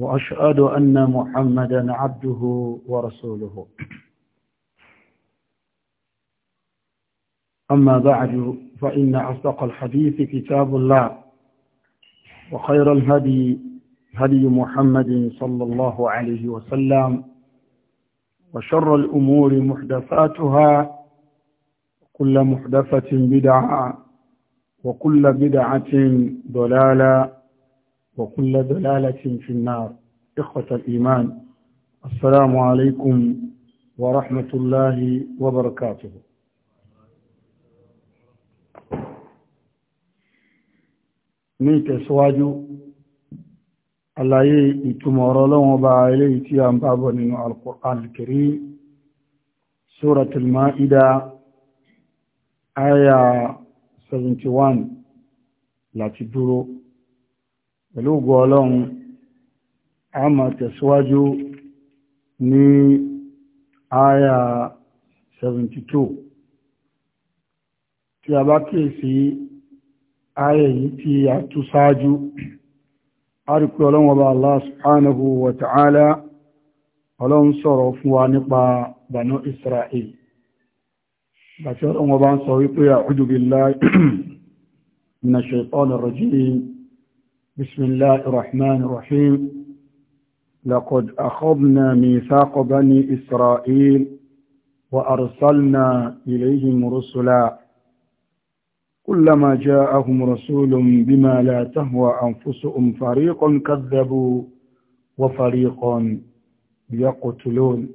وأشهد أن محمدا عبده ورسوله أما بعد فإن أصدق الحديث كتاب الله وخير الهدي هدي محمد صلى الله عليه وسلم وشر الأمور محدثاتها كل محدثة بدعة وكل بدعة ضلالة وكل دلالة في النار إخوة الإيمان السلام عليكم ورحمة الله وبركاته ní tẹ̀síwájú àlàyé ìtumọ̀ ọ̀rọ̀ lọ́wọ́ bá ilé tí a ń bá bọ̀ nínú Al-Qur'an Al-Karim Suratul Ma'ida aya 71 láti dúró pẹ̀lú ògo ọlọ́run a máa tẹ̀síwájú ní àyà 72 tí a bá kíyèsí àyà yìí tí a tú ṣáájú a rí pé ọlọ́run ọba Allah subhanahu wa ta'ala ọlọ́run sọ̀rọ̀ fún wa nípa banu Israel bàtí ọlọ́run ọba ń sọ wípé a'udhu billahi minash shaitanir rajim بسم الله الرحمن الرحيم لقد أخذنا ميثاق بني إسرائيل وأرسلنا إليهم رسلا كلما جاءهم رسول بما لا تهوى أنفسهم فريق كذبوا وفريق يقتلون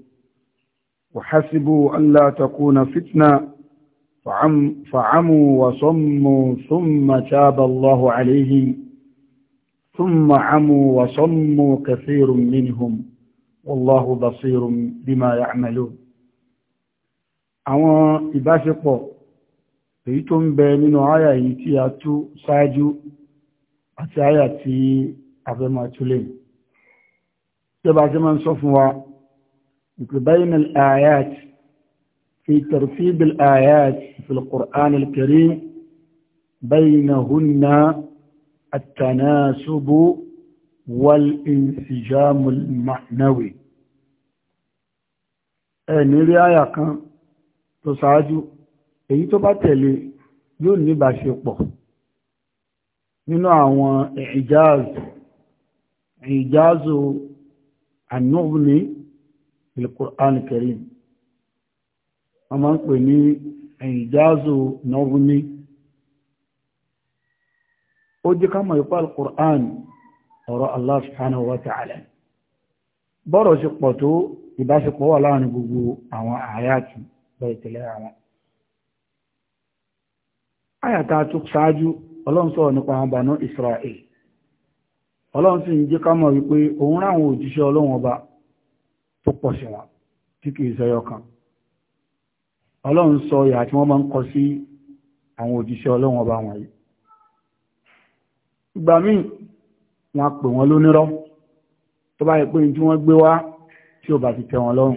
وحسبوا أن لا تكون فتنة فعم فعموا وصموا ثم تاب الله عليهم ثم عموا وصموا كثير منهم والله بصير بما يعملون àwọn ìbáṣepọ̀ èyí tó ń bẹ nínú àyà yìí tí a tú ṣáájú àti àyà tí a fẹ́ máa túlẹ̀ tí a bá ṣe máa ń sọ fún wa ìpìbáyìn al'ayat fi tartib al'ayat fi al-Qur'an al-Karim baynahunna التناسب والانسجام المعنوي ẹni rí àyà kan tó ṣáájú èyí tó bá tẹ̀lé yóò níbáṣepọ̀ nínú àwọn ìjáàzù ìjáàzù ànúhùní ìlúkùránì kẹrin wọ́n máa ń pè ní ìjáàzù náhùní ó jẹ́ ká mọ̀ al-Qur'an ọ̀rọ̀ Allah subhanahu wa ta'ala bọ́rọ̀ ṣe pọ̀ tó ìbáṣepọ̀ wà láàrin gbogbo àwọn àyàtì bẹ̀rẹ̀tẹ̀lẹ̀ àwọn àyàtà tó ṣáájú ọlọ́run sọ̀rọ̀ nípa àwọn Banu Israel ọlọ́run sì ń jẹ́ ká mọ̀ wípé òun ráwọn òjíṣẹ́ ọba tó pọ̀ sí kan ìgbà míì wọ́n pè wọ́n lónírọ́ tó bá yẹ pé tí wọ́n gbé wá tí ò bá ti tẹ́ wọn lọ́rùn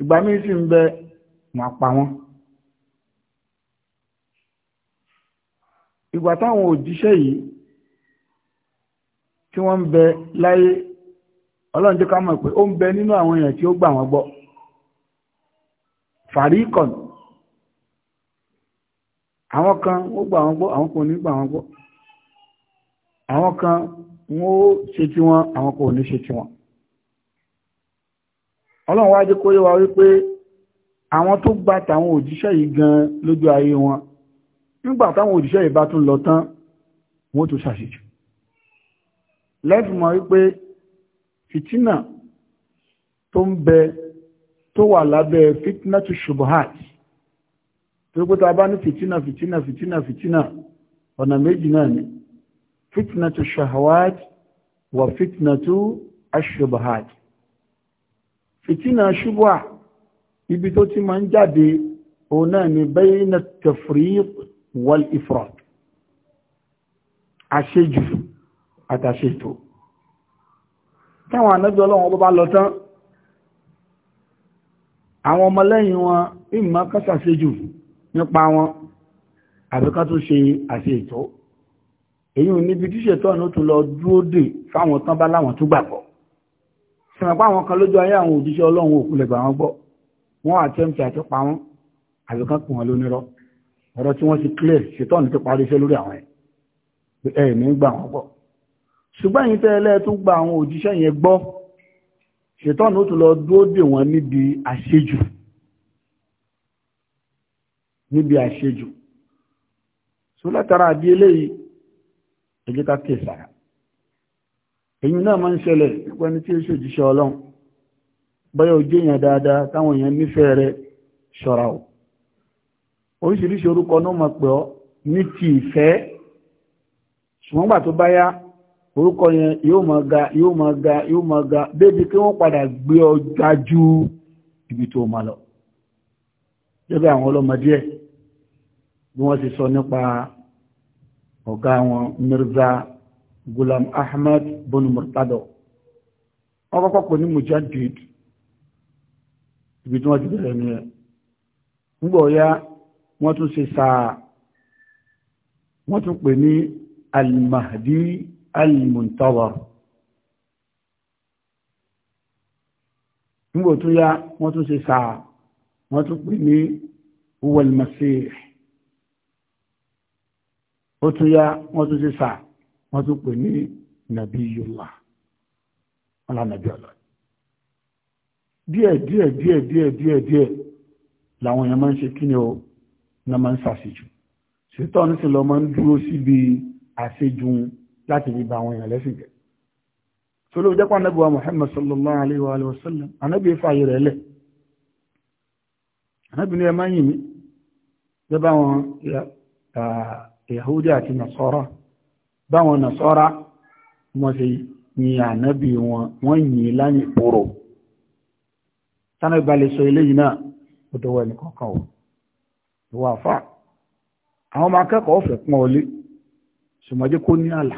ìgbà míì sì ń bẹ wọ́n pa wọ́n ìgbà táwọn òjíṣẹ́ yìí tí wọ́n ń bẹ láyé ọlọ́run jẹ́ ká mọ̀ pé ó ń bẹ nínú àwọn èèyàn tí ó gbà wọ́n gbọ́ fàríkọ̀nù àwọn kan wọ́n gbà wọn gbọ́ àwọn kan ní gbà wọn gbọ́ àwọn kan wọ́n ṣe tí wọn àwọn kan ò ní ṣe tí wọn ọlọ́run wá jẹ́ kó wa wípé àwọn tó gba tàwọn òjíṣẹ́ yìí gan lójú ayé wọn nígbà táwọn òjíṣẹ́ yìí bá tún lọ tán wọ́n tó ṣàṣejù lẹ́fìmọ̀ wípé fìtínà tó ń bẹ tó wà lábẹ́ fitnatu shubuhat torí pé tá a bá ní fìtínà fìtínà fìtínà fìtínà ọ̀nà méjì náà ni fìtínà tó ṣahawat wà fìtínà tó aṣọbahat fìtínà ṣubúà ibi tó ti máa ń jáde òun náà ni bayna tafriq wal ifrat àṣejù àtàṣètò táwọn anájọ́ ọlọ́wọ́n bá lọ tán àwọn ọmọlẹ́yìn wọn ìmọ̀ kásàṣejù nípa wọn àbí ká tún ṣe àṣẹ ètò èyí ò níbi tí ṣètò ọ̀nà tó lọ dúró dè fáwọn tán bá láwọn tó gbàgbọ́ sìnàpá àwọn kan lójú ayé àwọn òjíṣẹ́ ọlọ́run òkúlẹ̀ gbà wọ́n gbọ́ wọ́n àtẹ́mtì àti pa wọ́n àbí ká pè wọ́n lónírọ́ ọ̀rọ̀ tí wọ́n ti clear ṣètò ọ̀nà tó parí iṣẹ́ lórí àwọn ẹ̀ ní gbà wọ́n gbọ́ ṣùgbọ́n yìí tẹ́lẹ̀ tún gba àwọn òjíṣẹ́ yẹn gbọ́ ṣètò ọ̀nà tó lọ dúró dè wọ́n níbi àṣejù níbi àṣejù so látara àbí eléyìí ẹjẹ́ ká kè sára èyí náà máa ń ṣẹlẹ̀ nípa ẹni tí ó ṣòjíṣẹ́ ọlọ́run báyọ̀ ojú èèyàn dáadáa táwọn èèyàn nífẹ̀ẹ́ rẹ ṣọ́ra o oríṣiríṣi orúkọ náà máa pè ọ́ ní ti ìfẹ́ ṣùgbọ́n gbà tó bá yá orúkọ yẹn yóò máa ga yóò máa ga yóò máa ga débi kí wọ́n padà gbé ọ ga ju ibi tó máa lọ jẹ́bẹ̀ àwọn ọlọ́mọdé ẹ̀ bí wọ́n ti sọ nípa ọ̀gá wọn Mirza Gulam Ahmed, bin Murtado wọ́n kọ́kọ́ pè ní Mujaddid ibi tí wọ́n ti bẹ̀rẹ̀ ní ẹ̀ nígbà ọ̀yá wọ́n tún ṣe sáà wọ́n tún pè ní Al-Mahdi Al-Muntazar nígbà tó yá wọ́n tún ṣe sáà wọ́n tún pè ní huwa masih ó tún yá wọ́n tún ṣe sà wọ́n tún pè ní nàbíyullah wọn lànàbí ọ̀lọ́ díẹ̀ díẹ̀ díẹ̀ díẹ̀ díẹ̀ díẹ̀ làwọn èèyàn máa ń ṣe kí o náà máa ń ṣàṣejù ṣètọ́ ní sì lọ máa ń dúró síbi àṣejù láti fi ba àwọn èèyàn lẹ́sìn jẹ́ sọlọ́ ìjẹ́pọ̀ anábì wa Muhammad sallallahu alayhi wa alayhi wa sallam anábì fààyè rẹ̀ lẹ̀ anábì ni ẹ máa ń yìn mí bẹ́ẹ̀ bá wọn yahudi àti nasọ́ra báwọn nasọ́ra wọ́n ṣe yin ànábì wọn wọ́n náà ó àwọn ọmọ akẹ́kọ̀ọ́ fẹ́ pọ́n ọlé ṣùgbọ́n kó ní àlà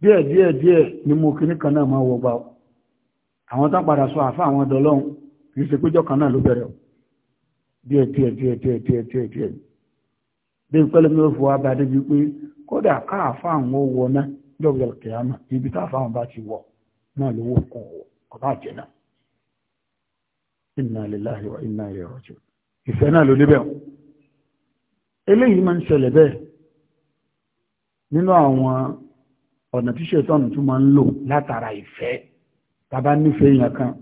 díẹ̀ díẹ̀ díẹ̀ ni mo kí nìkan náà máa wọ gbà ọ́ àwọn tán padà sọ àfà àwọn ọ̀dọ́ lọ́hùn kì í ṣe péjọ kan náà ló bẹ̀rẹ̀ díẹ̀ bí pẹ́lú mi ó bá débi pé kódà káàfáàn kìámà ibi táàfáàn bá ti wọ náà lówó kan ọ̀bá àjẹ́nà inna iná wa inna ilayhi ìfẹ́ náà ló níbẹ̀ eléyìí máa ń ṣẹlẹ̀ bẹ́ẹ̀ nínú àwọn ọ̀nà tún máa ń lò látara ìfẹ́ tàbá nífẹ̀ẹ́ kan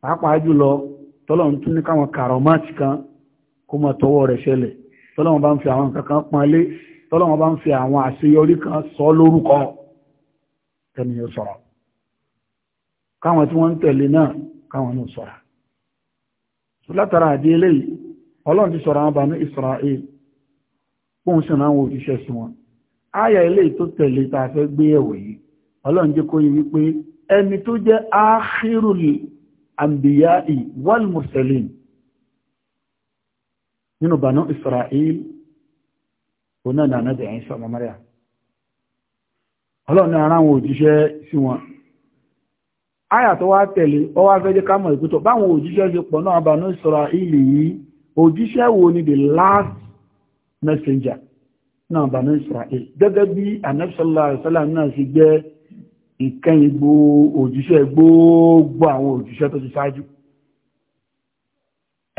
pàápàá jùlọ tọ́lọ́run tún ní tọ́lọ́wọ́n bá ń fi àwọn kankan panlé tọ́lọ́wọ́n bá ń fi àwọn àṣeyọrí kan sọ lórúkọ tẹ́niyàn sọ̀rọ̀ káwọn tí wọ́n ń tẹ̀lé náà káwọn náà sọ̀rọ̀ látara àdí eléyìí ọlọ́run ti sọ̀rọ̀ àwọn bá ní Israel fóun sì náà wọ́n òṣìṣẹ́ sí wọn áyà eléyìí tó tẹ̀lé tá a fẹ́ gbé ẹ̀wò yìí ọlọ́run jẹ́ kó yé wípé ẹni tó jẹ́ áhírùlì àmbìyá ì wal nínú bànú Israel oná ní ànábì Ìsá ọmọ Maria ọlọ́run ní ara àwọn òjíṣẹ́ sí wọn àyà tó wá tẹ̀lé ọ wá fẹ́ jẹ́ ká mọ̀ ìpútọ̀ báwọn òjíṣẹ́ ṣe pọ̀ náà bànú Israel yìí òjíṣẹ́ wo ni the last messenger náà bànú Israel gẹ́gẹ́ bí ànábì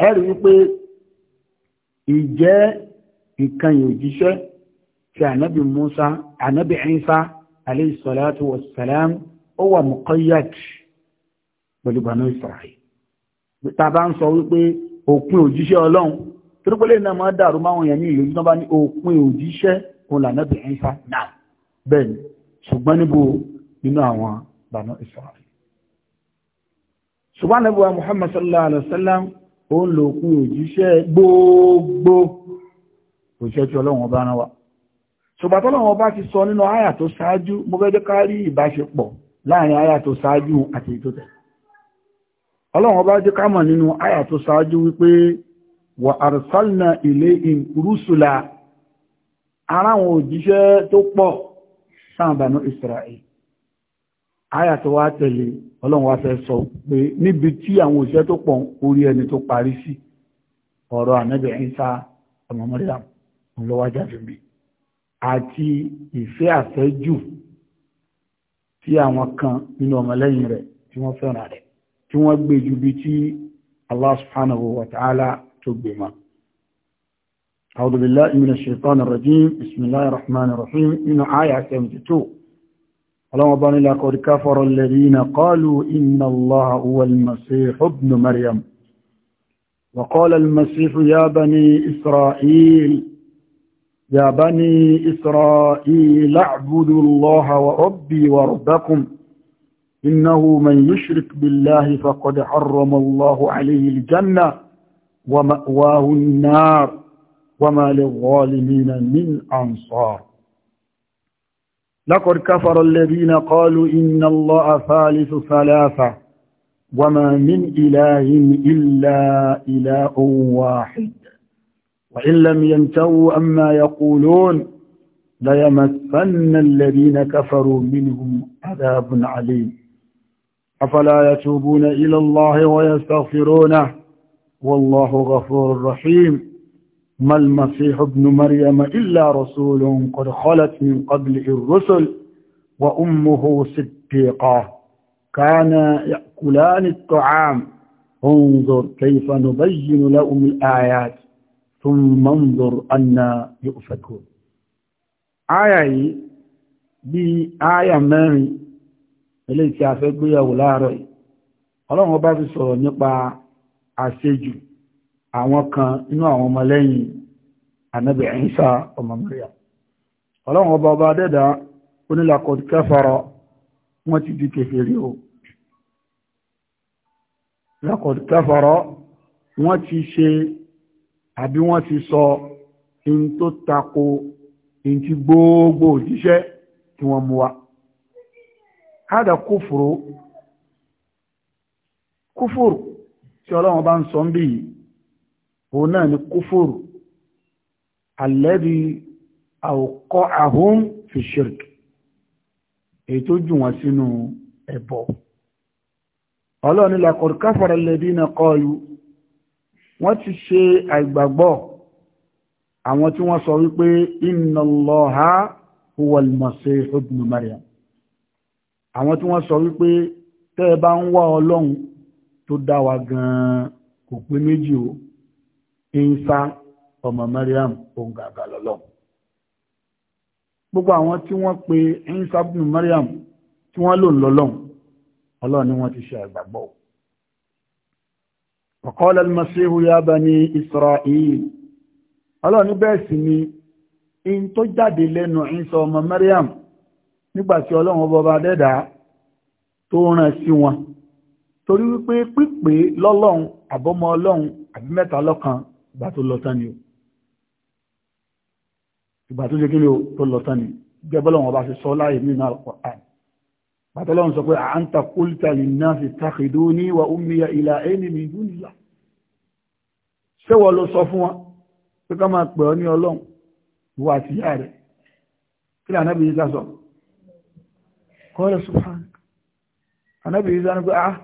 ẹ̀rí wípé ìjẹ́ nǹkan ìòjíṣẹ́ ti ànábì Musa ànábì Isa alayhi salatu wassalam ó wà muqayyad pẹ̀lú Banu Israil ta bá ń sọ wípé òpin òjíṣẹ́ Ọlọ́run torípẹ́lẹ́ náà máa dàrú máwọn èèyàn ní ìlú tó bá ní òpin òjíṣẹ́ òun lànábì Isa náà bẹ́ẹ̀ ni ṣùgbọ́n níbo nínú àwọn Banu Israil ṣùgbọ́n ànábì Muhammad sallallahu alaihi wasallam ó ń lòkun òjíṣẹ́ gbogbo òṣẹ́ tí ọlọ́run bá rán wa ṣùgbà tọ́lọ́run bá ti sọ nínú àyà tó ṣáájú mo fẹ́ jẹ́ ká rí ìbáṣepọ̀ láàrin àyà tó ṣáájú àti èyí tó tẹ̀ ọlọ́run bá jẹ́ ká mọ̀ nínú àyà tó ṣáájú wípé wà àrùsálìnà ilé ìrúsùlà aráwọn òjíṣẹ́ tó pọ̀ sáàbànú Israel àyà tó wá tẹ̀lé ọlọ́run wá fẹ́ sọ pé níbi tí àwọn òṣìṣẹ́ tó pọ̀ orí ẹni tó parí sí ọ̀rọ̀ ànábì Ìsá ọmọ Maryam ńlọ́wájà fi mi àti ìfẹ́ àfẹ́jù tí àwọn kan nínú ọmọlẹ́yìn rẹ̀ tí wọ́n fẹ́ràn rẹ̀ tí wọ́n gbé ju bí tí Allah subhanahu tó gbé mọ́. أعوذ بالله من الشيطان الرجيم بسم الله الرحمن الرحيم من آية 72 ọlọ́wọ́n bá nílá kọ̀rí káfọ́rọ̀ lẹ́rìnà qalu inna allaha huwa al-masih ibn maryam wa qala al-masih ya bani isra'il ya bani isra'il a'budu allaha wa rabbi wa rabbakum إنه من يشرك بالله فقد حرم الله عليه الجنة ومأواه النار وما للظالمين من أنصار لقد كفر الذين قالوا إن الله ثالث ثلاثة وما من إله إلا إله واحد وإن لم ينتهوا أما يقولون ليمثن الذين كفروا منهم عذاب عليم أفلا يتوبون إلى الله ويستغفرونه والله غفور رحيم ما المسيح ابن مريم إلا رسول قد خلت من قبل الرسل وأمه صديقة كانا يأكلان الطعام انظر كيف نبين لهم الآيات ثم انظر أن يؤفكون آية بي آية mẹ́rin إليك يا فيك fẹ́ gbéyàwó láàárọ̀ yìí ọlọ́run سورة fi أسجل àwọn kan inú àwọn ọmọlẹ́yìn ànábì Ìsá ọmọ Maryam ọlọ́run ọba ọba dẹ́dà onílàkọ̀tí kẹfàrọ wọ́n ti di kèfèrí o lákọ̀tí kẹfàrọ wọ́n ti ṣe àbí wọ́n ti sọ in tó tako in ti gbogbo òjíṣẹ́ tí wọ́n mú wa hádà kúfùrú kúfùrú tí ọlọ́run ọba ń sọ ń bí yìí òun náà ni kúfòrò alẹ́bí àwòkọ́ àhún fi ṣirk èyí tó jù wọn sínú ẹbọ ọlọ́ni laqad kafara alladhina qalu wọ́n ti ṣe àìgbàgbọ́ àwọn tí wọ́n sọ wípé inna Allaha huwal masih ibn Maryam àwọn tí wọ́n sọ wípé tẹ́ ẹ bá ń wá ọlọ́run tó dá wa gan-an kò pé méjì o. Isa ọmọ Mariam òun gàgà gbogbo àwọn tí wọ́n pe Isa ọmọ Mariam tí wọ́n lò ń ni wọ́n ti ṣe àgbàgbọ́ وقال المسيح يا بني إسرائيل ọlọ́run bẹ́ẹ̀ ni in tó jáde lẹ́nu ọmọ Mariam ọlọ́run ọba dẹ́dà tó sí wọn torí wípé pípé lọ́lọ́run ọlọ́run àbí mẹ́ta ìgbà tó lọ tán ni o ìgbà tó jẹ́ kí ni o tó lọ tán ni gẹ́bọ́lọ̀ wọn bá ṣe sọ láyé nínú al-Qur'an bàtọ́lọ́run sọ pé a'anta qulta lin-nasi ittakhiduni wa ummiya ilahayni min dunillah ṣéwọ́ ló sọ wa pé ká máa pè ọ́ ní ọlọ́run ìwà àti ìyá rẹ̀ kí ni anábì yíká ní ah,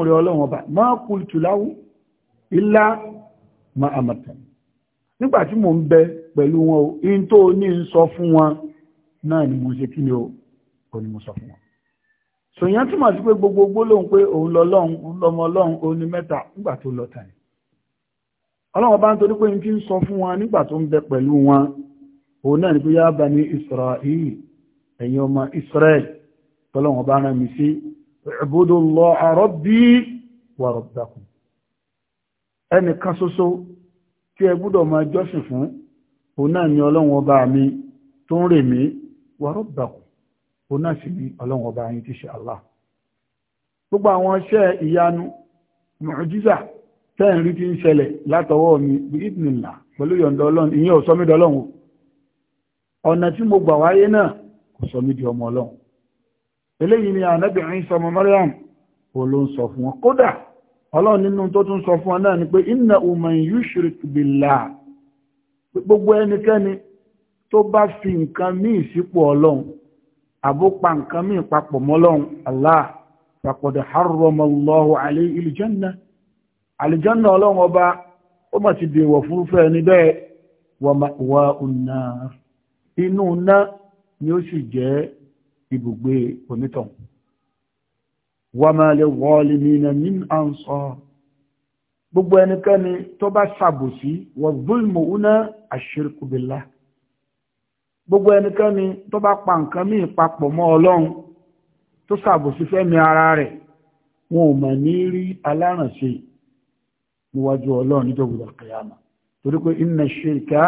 ọlọ́run ilá ma àmàtà nígbà tí mo ń bẹ pẹ̀lú wọn o in tó ní ń sọ fún wọn náà ni mo ṣe kí ni o kò mo sọ fún wọn sòyàn túmọ̀ ti pé gbogbo gbólóhùn pé òun lọ́lọ́run òun òun ni mẹ́ta nígbà tó lọ tàn ọlọ́run bá ń torí pé n ti ń sọ fún wọn nígbà tó ń bẹ pẹ̀lú wọn òun náà ni pé Israel ẹ̀yin mi sí ẹnìkan ṣoṣo tí ẹ gbọ́dọ̀ máa jọ́sìn fún òun náà ni ọlọ́run ọba mi tó ń rè mí wa rabbakum òun náà sì ni ọlọ́run ọba yín ti ṣe Allah gbogbo àwọn iṣẹ́ ìyanu mùjísà tẹ́ẹ̀rí ti ń ṣẹlẹ̀ látọwọ́ mi bí ìdìnnà pẹ̀lú yọ̀ǹda ọlọ́run ìyẹn ò sọmídọ̀ ọlọ́run ọ̀nà tí mo gbà wáyé náà kò sọmídì ọmọ ọlọ́run eléyìí ni ànábì Ìsá ọmọ Maryam òun fún wọn kódà ọlọ́run nínú tó tún sọ fún ọ̀nà ni pé inna man yushrik billah gbogbo ẹnikẹ́ni tó bá fi nǹkan míì sípò ọlọ́run àbúpa nǹkan míì papọ̀ mọ́lọ́run aláà faqad harrama Allahu ọlọ́run ọba ó mọ̀ ti dèwọ̀ fúnfẹ́ bẹ́ẹ̀ inú ná ni ó sì jẹ́ ibùgbé wa ma lil zalimina min ansar gbogbo ẹnikẹ́ni tó bá ṣàbòsí wa zulmu una ashirku billah gbogbo ẹnikẹ́ni tó bá pa nǹkan míì papọ̀ mọ́ ọlọ́run tó ṣàbòsí fẹ́mi ara rẹ̀ wọn ò mà ní rí alárànṣe níwájú ọlọ́run nítorí ìdàkẹ́yàmà torí pé inna shirka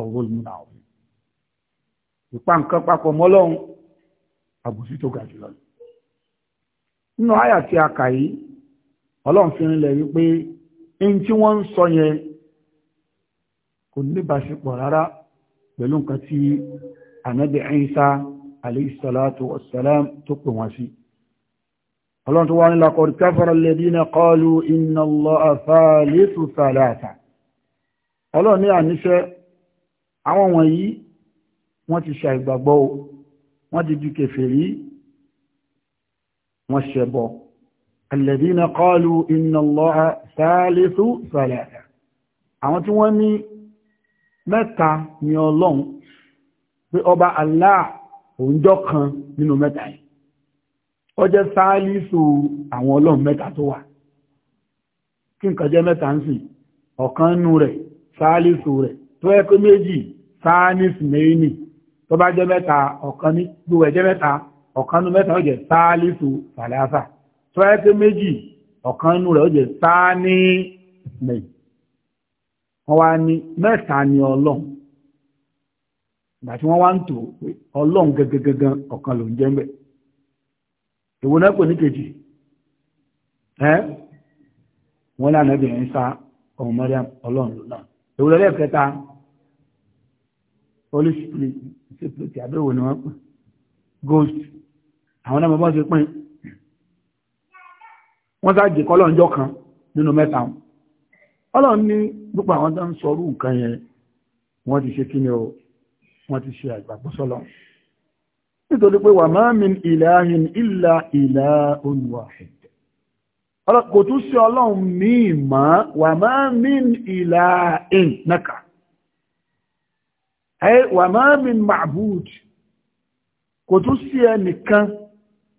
ọ̀wọ́lùmù náà ìpa nǹkan papọ̀ mọ́lọ́run àbòsí tó ga jùlọ ni nínú àyà tí a kà yìí ọlọ́run fi rinlẹ̀ wípé ẹni tí wọ́n ń sọ yẹn kò níbáṣepọ̀ rárá pẹ̀lú nǹkan tí ànábì Ìsá alayhi salatu wassalam tó pè wọ́n sí ọlọ́run tó wá ní laqad kafara alladhina qalu inna Allaha thalithu thalatha ọlọ́run ní àníṣẹ́ àwọn wọ̀nyí wọ́n ti ṣàìgbàgbọ́ wọ́n ti di kèfèrí wọ́n ṣẹbọ alladhina qalu inna Allaha thalithu thalatha àwọn tí wọ́n ní mẹ́ta ni ọlọ́run pé ọba Allah òǹjọ́ kan nínú mẹ́ta yìí ó jẹ́ sáálísù àwọn ọlọ́run mẹ́ta tó wà kí nǹkan jẹ́ mẹ́ta ń sìn ọ̀kan nú rẹ̀ sáálísù rẹ̀ tó ẹ́ méjì sáálísù mẹ́rin tó bá jẹ́ mẹ́ta ọ̀kan ní gbogbo ẹ̀jẹ́ mẹ́ta ọ̀kanú mẹ́ta ó jẹ́ sáálífù tọ́ẹ́tẹ́ méjì ọ̀kanú rẹ̀ ó jẹ́ sáání wọ́n wá ní mẹ́ta ni ọlọ́run ìgbà tí wọ́n wá ń tò pé ọlọ́run gẹ́gẹ́gẹ́gẹ́ ọ̀kan ló ń jẹ́ náà pè ní kejì ẹ́ wọ́n ọmọ mẹ́rin spirit ṣe pé tí abẹ́wò àwọn ọmọ bọ́ sí pín wọ́n sáàjì kọ́lọ̀njọ́ kan nínú mẹ́ta ọlọ́run ní púpọ̀ àwọn tó ń sọrú nǹkan yẹn wọ́n ti ṣe kí ni o wọ́n ti ṣe àgbàgbọ́ sọ́lọ́ nítorí pé wà máa min ilahin illa ilahun wahid kò kò tún sí ẹnìkan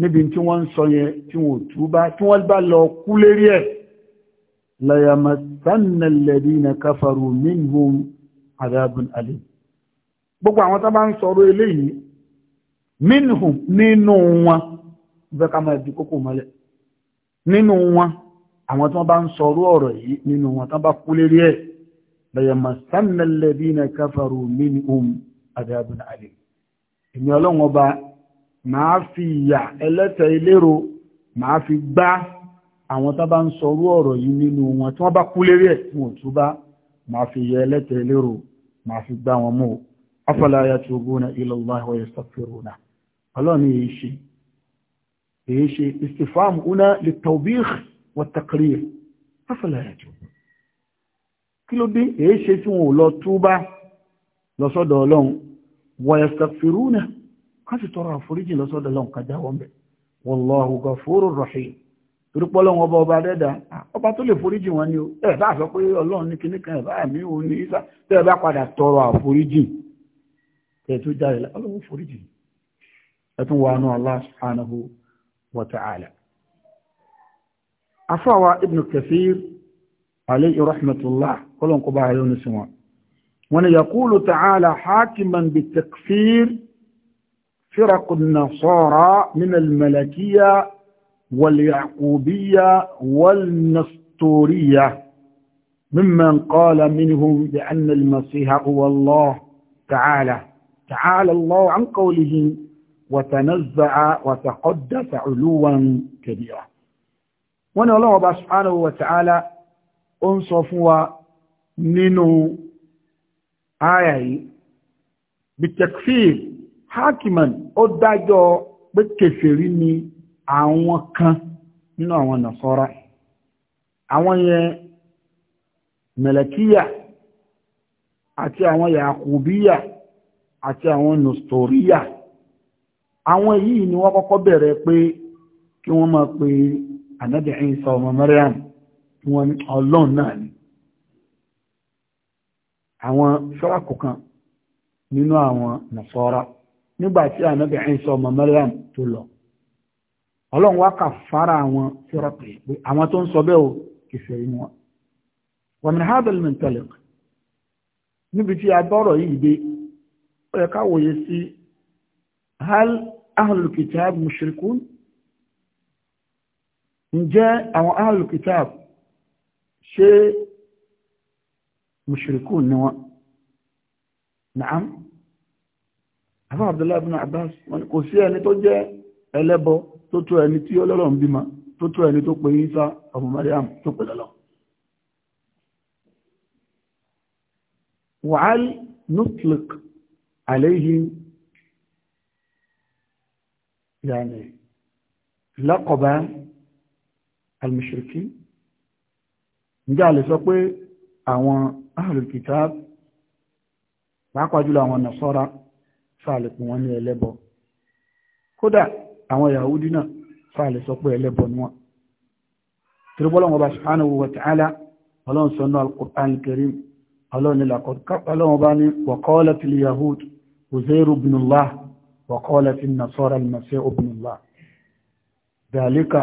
níbi tí wọ́n ń sọ yẹn tí wọ́n tú bá tí wọ́n bá lọ kú lérí ẹ̀ layamassanna alladhina kafaru minhum adhabun alim gbogbo àwọn tó bá ń sọ̀rọ̀ eléyìí minhum nínú wọn bẹ́ ká máa di kókò mọ́lẹ̀ nínú wọn àwọn tó bá ń sọ̀rọ̀ ọ̀rọ̀ yìí nínú wọn tó bá kú lérí ẹ̀ layamassanna alladhina kafaru minhum adhabun alim èmi màá fi ìyà ẹlẹ́tẹ̀ ilérò màá fi gbá àwọn tó bá ń sọrú ọ̀rọ̀ yìí nínú wọn tí wọ́n bá kú lérí ẹ̀ tí wọ́n tún bá màá fi ìyà ẹlẹ́tẹ̀ ilérò màá fi gbá wọn mú o afala yatubuna tí wọn ò lọ túbá ká sì tọrọ àforíjì lọ́sọ́dọ̀ lọ́hùn ká jáwọ́ mbẹ̀ wallahu ghafurur rahim torí pé Ọlọ́hun ọba ọba dẹ́dà ọba tó lè foríjì wọn ni o ẹ bá sọ pé ọlọ́run ní kinní kan ẹ bá mi ò ní ìsà tẹ́ ẹ bá padà tọrọ àforíjì ẹ tó jáde lọ ọlọ́run foríjì ẹ tún wà nù Allah subhanahu wa ta'ala. afọwà ibn kathir alayhi rahmatullah kọlọ́n kọba ayọ́ ní sinwọ̀n wọn ni yakulu ta'ala hakiman bi takfir فرق النصارى من الملكية واليعقوبية والنسطورية ممن قال منهم بأن المسيح هو الله تعالى تعالى الله عن قوله وتنزع وتقدس علوا كبيرا وأن الله سبحانه وتعالى أنصف wa آيه بالتكفير hakiman ó dájọ́ pé kèfèrí ni àwọn kan nínú àwọn nàṣọ́ra àwọn yẹn mẹ̀lẹ̀kíyà àti àwọn yàkùbíyà àti àwọn nùstóríyà àwọn yìí ni wọ́n kọ́kọ́ bẹ̀rẹ̀ pé kí wọ́n máa pe ànábì Ìsá ọmọ Maryam kí wọ́n ní ọlọ́run náà ni àwọn ṣọ́ra kọ̀ọ̀kan nínú àwọn nàṣọ́ra nígbàtí ànábì Ìsá ọmọ Maryam tó lọ ọlọ́run fara àwọn fírọ́pì pé àwọn tó ń sọ bẹ́ẹ̀ o kìfẹ́ inú wọn wa min hadha al níbi tí a bọ́rọ̀ yìí dé ó yẹ ká sí hal ahlul àbá abdullahi ibn abbas wọn kò sí ẹni tó jẹ́ ẹlẹ́bọ tó tó ẹni tí ọlọ́run bímọ tó tó ẹni tó pe isa ọmọ mariam tó pe lọ́lọ́ wàhálì nutlik àléhìn yàní laqaba al-mushrikin a lè sọ pé àwọn ahlul pàápàá jùlọ àwọn nasara fàálẹ̀ pé wọ́n ní ẹlẹ́bọ kódà àwọn Yahudi náà fàálẹ̀ sọ pé ẹlẹ́bọ ni wọ́n tìrìbọ́lọ́wọ́ bá subhanahu wa ta'ala ọlọ́run sọ náà al-Qur'an al-Karim ọlọ́run bá ní wa qalat al-Yahud Uzairu ibn Allah wa qalat an-Nasara al-Masih ibn Allah dhalika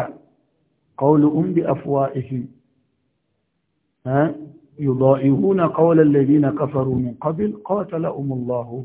qawluhum bi afwahihim يضائعون قول الذين كفروا من قبل قاتلهم الله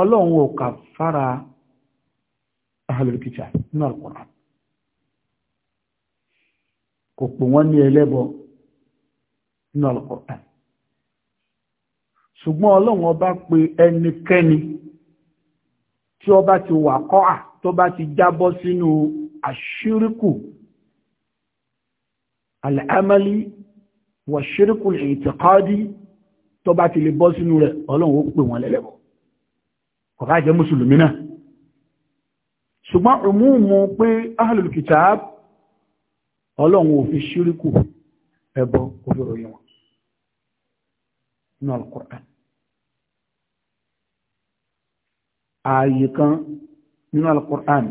ọlọ́run ò kà fara ahàlùkìtà nínú Al-Qur'an kò pò wọ́n ní ẹlẹ́bọ nínú Al-Qur'an ṣùgbọ́n ọlọ́run ọba pe ẹnikẹ́ni tí ó bá ti wà kọ́à tó bá ti jábọ́ sínú àṣíríkù al'amali wà ṣíríkù tó bá ti lè bọ́ sínú rẹ̀ ọlọ́run ó pè wọ́n lẹ́lẹ́bọ kọ̀ká jẹ́ mùsùlùmí náà ṣùgbọ́n òmúùmù pé ahlul kitab ọlọ́run ò fi ṣíríkù ẹbọ òfèrò yẹn wọn nínú al-Qur'an ààyè kan nínú al-Qur'an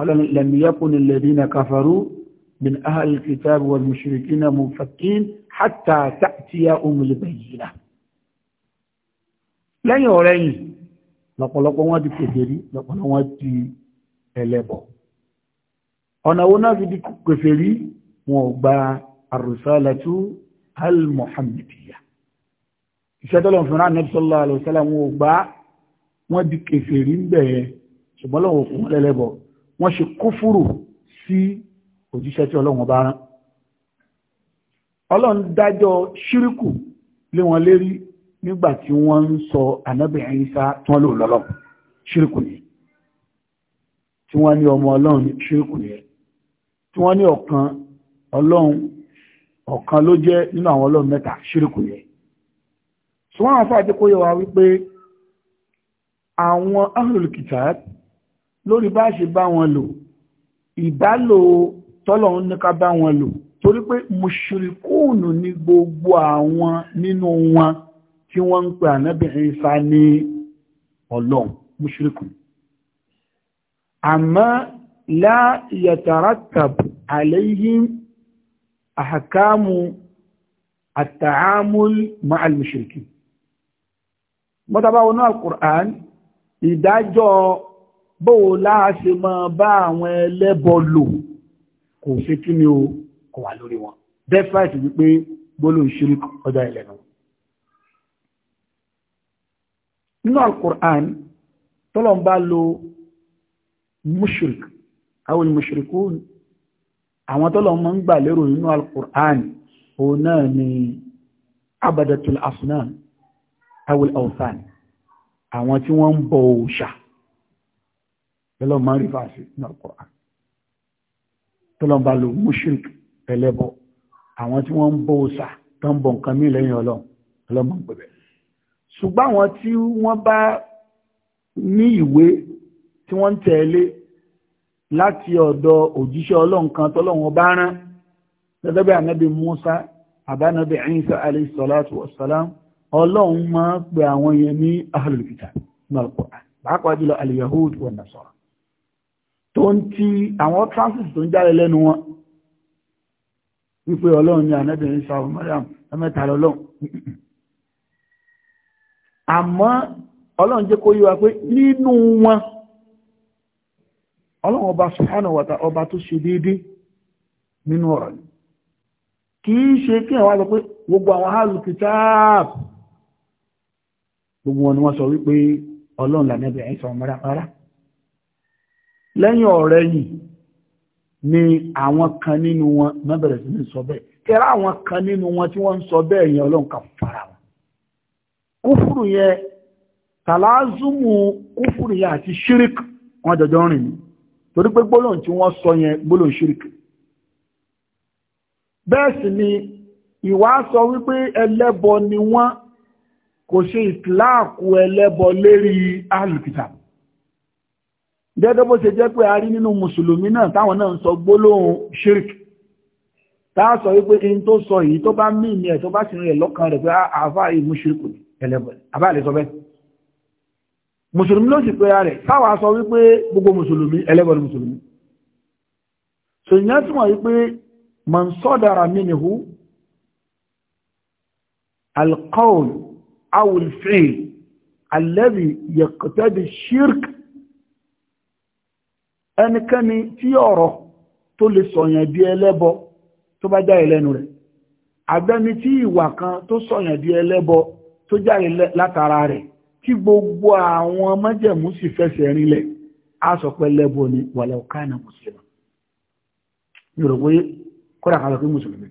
ọlọ́run lam yakuni alladhina kafaru min ahlil kitab wal mushrikina munfakin hatta ta'tiyahumul bayyinah lẹ́yìn ọ̀rẹ́yìn lọ́pọ̀lọpọ̀ wọ́n di kèfèrí lọ́pọ̀lọpọ̀ wọ́n di ẹlẹ́bọ̀ ọ̀nà wo náà fi di kèfèrí wọn ò gba àrùsálàtú al-muhammadiyya iṣẹ́ tọ́lọ̀ fún ránà sallallahu alaihi wasallam wọn ò gbá wọ́n di kèfèrí ń bẹ̀ẹ́ ṣùgbọ́n lọ́wọ́ fún wọn lẹ́lẹ́bọ̀ wọ́n ṣe kúfúrù sí òjíṣẹ́ tí ọlọ́run bá rán ọlọ́run dájọ́ ṣíríkù lé wọn lérí nígbà tí wọ́n ń sọ ànábì Ìsá tán lò lọ́lọ́ ṣírkù ní tí wọ́n ní ọmọ ọlọ́run ṣírkù ní tí wọ́n ní ọ̀kan ọlọ́run ọ̀kan ló jẹ́ nínú àwọn ọlọ́run mẹ́ta ṣírkù ní so wọ́n àfáà jẹ́ kó yẹ wa wípé àwọn ahlul kitab lórí bá ṣe bá wọn lò ìbálò tọ́lọ̀un ní ká bá wọn lò torí pé mushrikun ní gbogbo àwọn nínú wọn tí wọ́n ń pè ànábì Ìsá ní ọlọ́run mushrikun àmọ́ la yatarattab alayhim ahkamu at-ta'amul ma'al mushrikin mọ́tàbá wọnú al-Qur'an ìdájọ́ bóò láàṣe máa bá àwọn ẹlẹ́bọ lò kò ṣe kí ni o kò lórí wọn despite wípé gbólóhùn ṣírí ọjọ́ ìlẹ̀nà nínú al-Qur'an tọ́lọ̀ ń bá lo mushrik àwọn mushrikun àwọn tọ́lọ̀ mọ́ ń gbà lérò nínú al-Qur'an òun náà ni abadatul asnam awil awsan àwọn tí wọ́n ń bọ òòṣà tọ́lọ̀ máa ń rí fàásì nínú al-Qur'an bá lo mushrik ẹlẹ́bọ àwọn tí wọ́n ń bọ òòṣà tó ń bọ nǹkan mí lẹ́yìn ọlọ́run ọlọ́run ń ṣùgbọ́n àwọn tí wọ́n bá ní ìwé tí wọ́n ń tẹ̀lé láti ọ̀dọ̀ òjíṣẹ́ ọlọ́run kan tọ́lọ́run bá rán gẹ́gẹ́ bí ànábì Musa àbánábì Isa alayhi salatu wassalam ọlọ́run máa pe àwọn yẹn ní ahlul kitab pàápàá jùlọ al-yahud wa nasara tó ń ti àwọn transit tó ń jáde lẹ́nu wọn wípé ọlọ́run ni ànábì Isa ọmọ mẹ́ta lọ́lọ́run àmọ́ ọlọ́run jẹ́ kó wa pé nínú wọn ọlọ́run ọba subhanahu wa ọba tó ṣe déédé nínú ọ̀rọ̀ ni kì í ṣe kí àwọn àgbà pé gbogbo àwọn ahlul gbogbo wọn sọ wípé ọlọ́run lẹ́yìn ọ̀rẹ́ yìí ni àwọn kan nínú wọn mẹ́bẹ̀rẹ̀ sí ní sọ bẹ́ẹ̀ kẹ́rẹ́ àwọn kan nínú wọn tí wọ́n ń sọ bẹ́ẹ̀ yẹn ọlọ́run kúfùrù yẹ tàlázùmù kúfùrù yẹ àti ṣíríkì wọ́n jọjọ́ rìn ní torí pé gbólóhùn tí wọ́n sọ yẹn gbólóhùn ṣíríkì bẹ́ẹ̀ sì ni ìwà sọ wípé ẹlẹ́bọ ni wọ́n kò ṣe ìtìláàkù ẹlẹ́bọ lérí alùkìtà gẹ́gẹ́ bó ṣe jẹ́ pé a rí nínú mùsùlùmí náà táwọn náà ń sọ gbólóhùn ṣíríkì táà sọ wípé in tó sọ yìí tó bá mí ní ẹ̀ tó bá sì rìn lọ́kàn rẹ̀ pé ah, àáfà ìmúṣíríkù ni ẹlẹ́bọ̀ àbá lè sọ bẹ́ẹ̀ mùsùlùmí ló sì pé ara rẹ̀ táwa sọ wípé gbogbo mùsùlùmí ẹlẹ́bọ̀ ni mùsùlùmí sòyìn tí wọ́n wípé man sọ́dára minhu alqawl aw alfi'l alladhi yaqtadi shirk ẹnikẹ́ni tí ọ̀rọ̀ tó lè sọ̀yàn bí ẹlẹ́bọ tó bá já ìlẹ́nu rẹ̀ tó jáde látara rẹ̀ tí gbogbo àwọn májẹ̀mú sì fẹsẹ̀ rinlẹ̀ á sọ pé lẹ́bọ ni wàlẹ̀ ọ̀kánà mùsùlùmí mi rò pé kódà kan sọ pé mùsùlùmí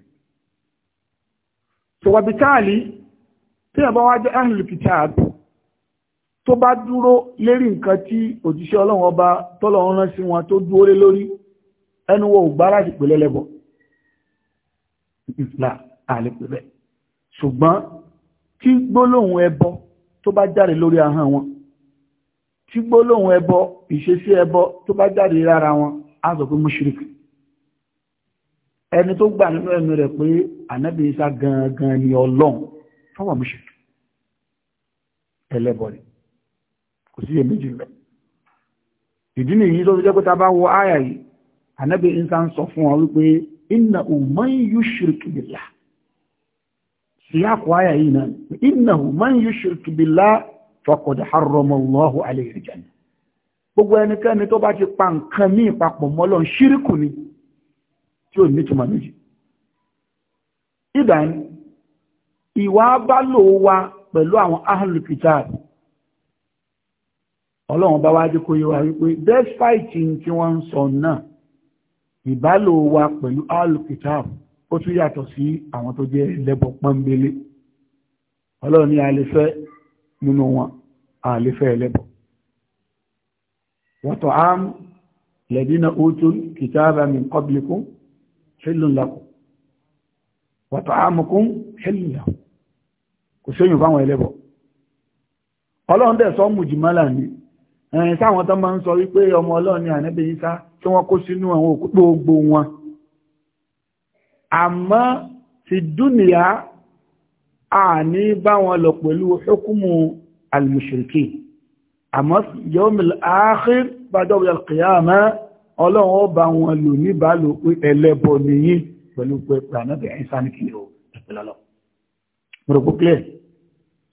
tọwọ́bí táàlì tí ẹ̀bọ́ wá jẹ́ ahlul kitab tó bá dúró lérí nǹkan tí ṣùgbọ́n tí gbólóhùn ẹbọ tó bá jáde lórí ahọ́n wọn tí gbólóhùn ẹbọ ìṣesí ẹbọ tó bá jáde lára wọn á sọ pé mùṣírikí ẹni tó gbà nínú ẹnu rẹ̀ pé ànábì Ìsá gangan ni ọlọ́run fọwọ́ mùṣírikí ẹlẹ́bọ ni kò sí èméjì lọ ìdí nìyí tó fi jẹ́ pé ta bá wọ áyà yìí ànábì Ìsá ń sọ fún wọn wípé inna man yushrik billah síyáàkù ayà yìí náà innahu man yushrik billah faqad harrama Allahu alayhi gbogbo ẹnikẹ́ni tó bá ti pa nǹkan ní ìpapọ̀ mọ́lọ́ ṣíríkù ni tí ò ní túmọ̀ méjì ìdá ni ìwà bá lò wa pẹ̀lú àwọn ahlul ọlọ́run bá wájú kó wípé despite tí wọ́n ń sọ náà ìbálò wa pẹ̀lú ó tún yàtọ̀ sí àwọn tó jẹ́ lẹ́bọ̀ pọ́nbélé ọlọ́run ní àlefẹ́ nínú wọn àlefẹ́ lẹ́bọ̀ wọ́tọ̀ ám lẹ́dínà utul kìtàbà min qablikum hillun lakum wọ́tọ̀ ámùkún hillun lakum kò séyìn fáwọn ẹlẹ́bọ̀ ọlọ́run dẹ̀ sọ mùjìmọ́là ni ẹ̀yìn sáwọn tó máa ń sọ wípé ọmọ ọlọ́run ni ànẹ́bẹ̀yìn àmọ́ fi dúnìyà a ní bá wọn lọ pẹ̀lú hukumu al-mushriki àmọ́ yawmil akhir bàdọ́ al-qiyama ọlọ́run ó bá wọn lò ní bàálò pé ẹlẹ́bọ nìyí pẹ̀lú pẹ̀pẹ̀ ànábẹ̀ ẹ̀sán ní kìí o ìpìlọ̀lọ̀ mọ̀rọ̀kú clear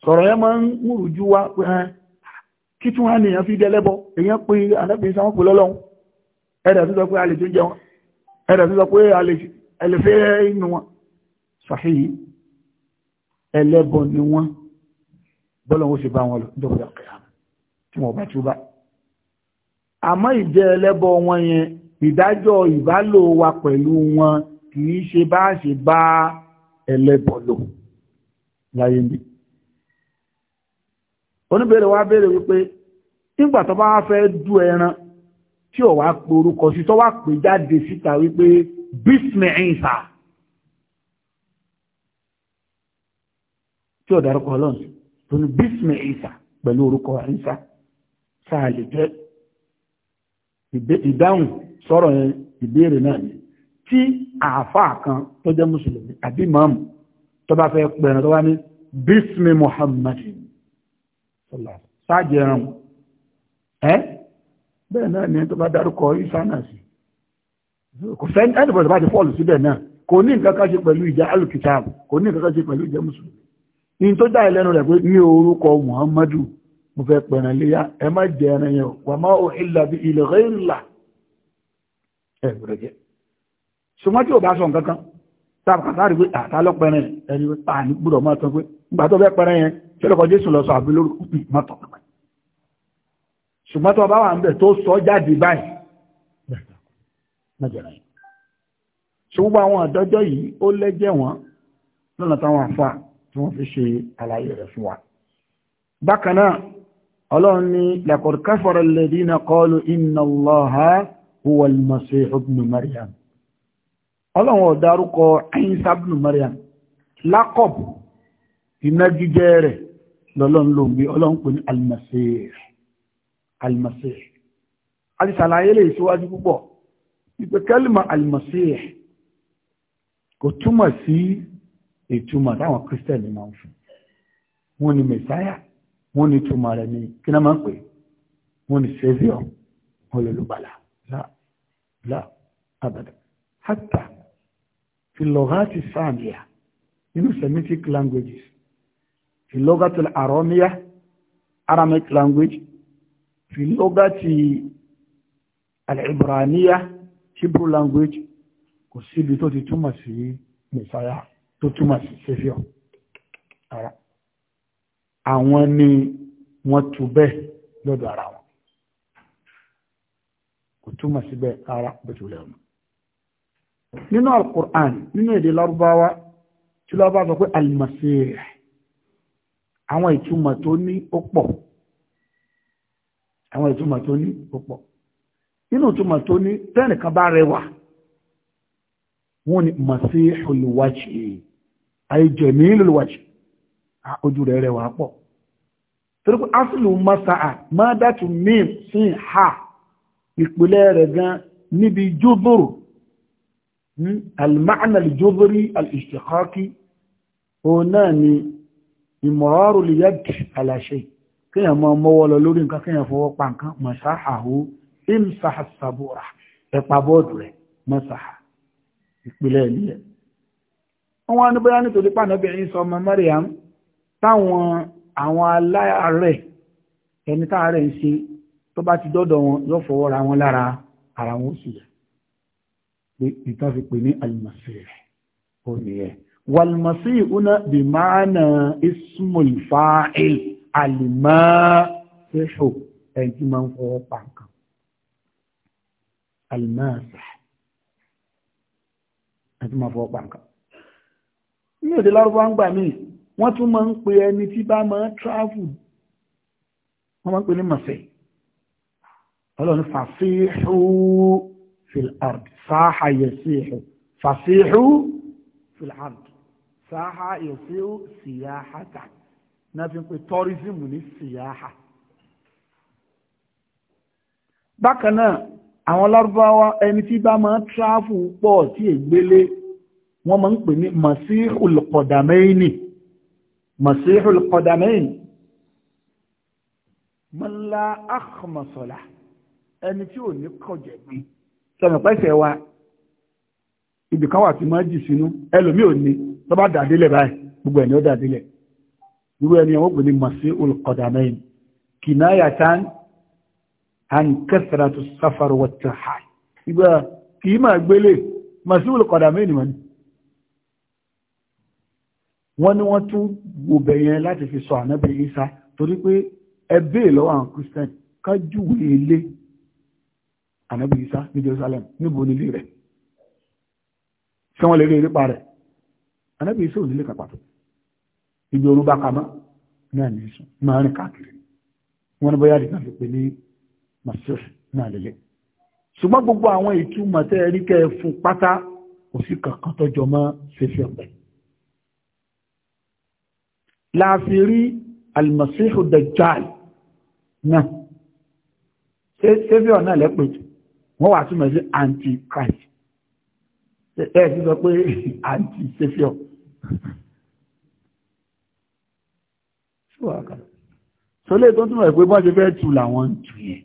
sọ̀rọ̀ yẹn máa ń múrù jú wá pé ẹn kí tún ẹlẹ́fẹ́ inú wọn sàhíyí ẹlẹ́bọ ni wọ́n bọ́lọ̀ wọ́n sì bá wọn lọ dọ́gbọ́dọ̀ kẹ́yà tí wọ́n bá túbá àmọ́ ìjẹ́ ẹlẹ́bọ wọn yẹn ìdájọ́ ìbálò wa pẹ̀lú wọn kì í ṣe bá ṣe bá ẹlẹ́bọ lò láyé mi oníbèrè wa béèrè wípé nígbà tó bá fẹ́ du ẹran tí ò wá pe orúkọ sí tó wá pè jáde síta wípé bísmì ìsà tí ó dárúkọ ọlọ́run tó ní bísmì ìsà pẹ̀lú orúkọ ìsà sáà lè jẹ́ ìdáhùn sọ̀rọ̀ yẹn ìbéèrè náà ni tí àáfàá kan tó jẹ́ mùsùlùmí àbí mọ́mù tó bá fẹ́ pẹ̀rẹ̀ tó wá ní bísmì muhammadin sáàjẹ̀ ẹran bẹ́ẹ̀ náà ni tó bá dárúkọ ìsà náà sí kò fẹ́ ẹnìbọ̀dọ̀ bá ti fọ́ọ̀lù síbẹ̀ náà kò ní nǹkan kan ṣe pẹ̀lú ìjà alùkìtàbù kò ní nǹkan kan ṣe pẹ̀lú ìjà mùsùlùmí ní tó dá ìlẹ́nu rẹ̀ pé ní orúkọ muhammadu mo fẹ́ pẹ̀rẹ̀ léyà ẹ má jẹ ẹran yẹn o ìlà bí ilẹ̀ rẹ̀là ẹ gbọ́dọ̀ jẹ́ ṣùgbọ́n tí ò bá sọ nǹkan kan táàbù kàtà rí pé àtà lọ́pẹ̀rẹ̀ ẹni pé ta ní gbọ́dọ̀ máa tán pé nígbà tó fẹ́ pẹ̀rẹ̀ yẹn ṣẹlẹ̀kọ jésù lọ sọ àbí lórúkọ mọ́tọ̀ ṣùgbọ́n tó bá wà ń bẹ̀ tó sọ jáde báyìí na yìí ṣùgbọ́n àwọn àdájọ́ yìí ó lẹ́jẹ̀ wọn lọ́nà táwọn tí wọ́n fi ṣe àlàyé rẹ̀ fún wa bákan náà ọlọ́run ní laqad kafara alladhina qalu inna Allaha ọlọ́run ìpè kálímà àlùmọ̀síyẹ̀ kò túmọ̀ sí ìtumọ̀ táwọn kírísítẹ̀nì máa ń fún wọn ni mẹ̀sáyà wọn ni túmọ̀ rẹ̀ ni kí náà máa ń pè wọn ni sẹ́fíọ̀ wọn lè hátà fi sáàmìyà nínú semitic languages fi lọ́gáàtì àrọ́míyà Aramic language fi lọ́gáàtì al Hebrew language kò síbi tó ti túmọ̀ sí Messiah tó túmọ̀ sí Saviour àwọn ni wọ́n tu bẹ́ẹ̀ lọ́dọ̀ ara wọn kò túmọ̀ sí bẹ́ẹ̀ ara bẹ́tù lẹ́nu nínú Al-Qur'an nínú èdè Lárúbáwá tí lọ́wọ́ bá sọ pé Al-Masih àwọn ìtumọ̀ tó ní ó pọ̀ àwọn ìtumọ̀ tó ní ó pọ̀ inú túmọ̀ tó ní tẹ́nìkan bá rẹwà wọ́n ní masihul wajhi ay jamilul wajhi ojú rẹ̀ rẹwà pọ̀ torí pé asìlù masa'a máa dátù mím sí ha ìpìlẹ̀ rẹ̀ gan níbi jùdúrù hmm? al-ma'na al-jùdúrí al-ishtiqaqi o náà ni ìmọ̀rọ̀rù lè yàgì ala mọ́wọ́ lọ lórí nǹkan kíyàn fọwọ́ pa nǹkan masahahu imsaha sabura ẹ̀pà bọ́ọ̀dù rẹ̀ mọ́sàá ìpìlẹ̀ ìlú ẹ̀ wọ́n ní bóyá nítorí pànàbìnrin sọ ọmọ Mariam táwọn àwọn aláàárẹ̀ ẹni táàárẹ̀ ń ṣe tó bá ti dọ́dọ̀ wọn yóò fọwọ́ ra wọn lára ara wọn sì yẹ pé ìtàn fi pè ní alimọ̀síì ó nìyẹn wàlmọ̀síì una bí máàna ismul fa'il alimọ̀ ṣẹ́ṣọ̀ ẹni tí máa ń fọwọ́ pa nǹkan almasah àti máa fọwọ́ pàǹkà ní èdè lárúbá ń gbà mí wọ́n tún máa ń pe ẹni tí bá máa travel wọ́n máa ń pe ní masẹ̀ ọlọ́run fàṣíhù filard sáà yẹ̀síhù fàṣíhù filard sáà yẹ̀síhù síyáhátà náà fi ń pe tourism ní síyáhà bákan náà àwọn lárúbáwá ẹni tí bá máa tráfù pọ̀ tí ègbélé wọ́n máa ń pè ní masihul qadamaini masihul qadamaini mọ́lá akhmasola ẹni tí ò ní kọjẹ̀ bí sọmọ̀pẹ́sẹ̀ wa ibìkan wà tí máa jì sínú ẹlòmí ò ní tó bá dàdílẹ̀ báyìí gbogbo ẹni ó dàdílẹ̀ irú ẹni àwọn ògbè ní masihul kìnnáyà tán àǹkẹ́sìrà tó sáfàrò wọ̀tà ha ìgbà kì í máa gbélé màsíwòlù kọ̀dà mẹ́rin mọ́ni wọ́n ní wọ́n tún gbòbẹ̀ yẹn láti fi sọ ànábì Isa torí pé ẹbẹ́ lọ́wọ́ àwọn Christian kájúwe ilé ànábì Isa ní Jerusalem níbo nílé rẹ̀ tí wọ́n lè rí irípa rẹ̀ ànábì Isa ò nílé kan pàtó ibi orun bá kamá náà ní sùn máa rìn káàkiri wọ́n ní bóyá àdìgbà fi pè ní masir náà lélẹ̀ ṣùgbọ́n gbogbo àwọn ìtumọ̀ tẹ́ rí kẹ́ fún pátá kò sí kankan tọ́jọ mọ́ fífi ọ̀pẹ láàfi rí almasihu dajjal náà savior náà lẹ́pẹ̀ wọ́n wà túnmọ̀ sí antichrist ẹ̀ sí sọ pé anti-savior so lè tó túnmọ̀ pé bọ́n ṣe fẹ́ tù làwọn tù yẹn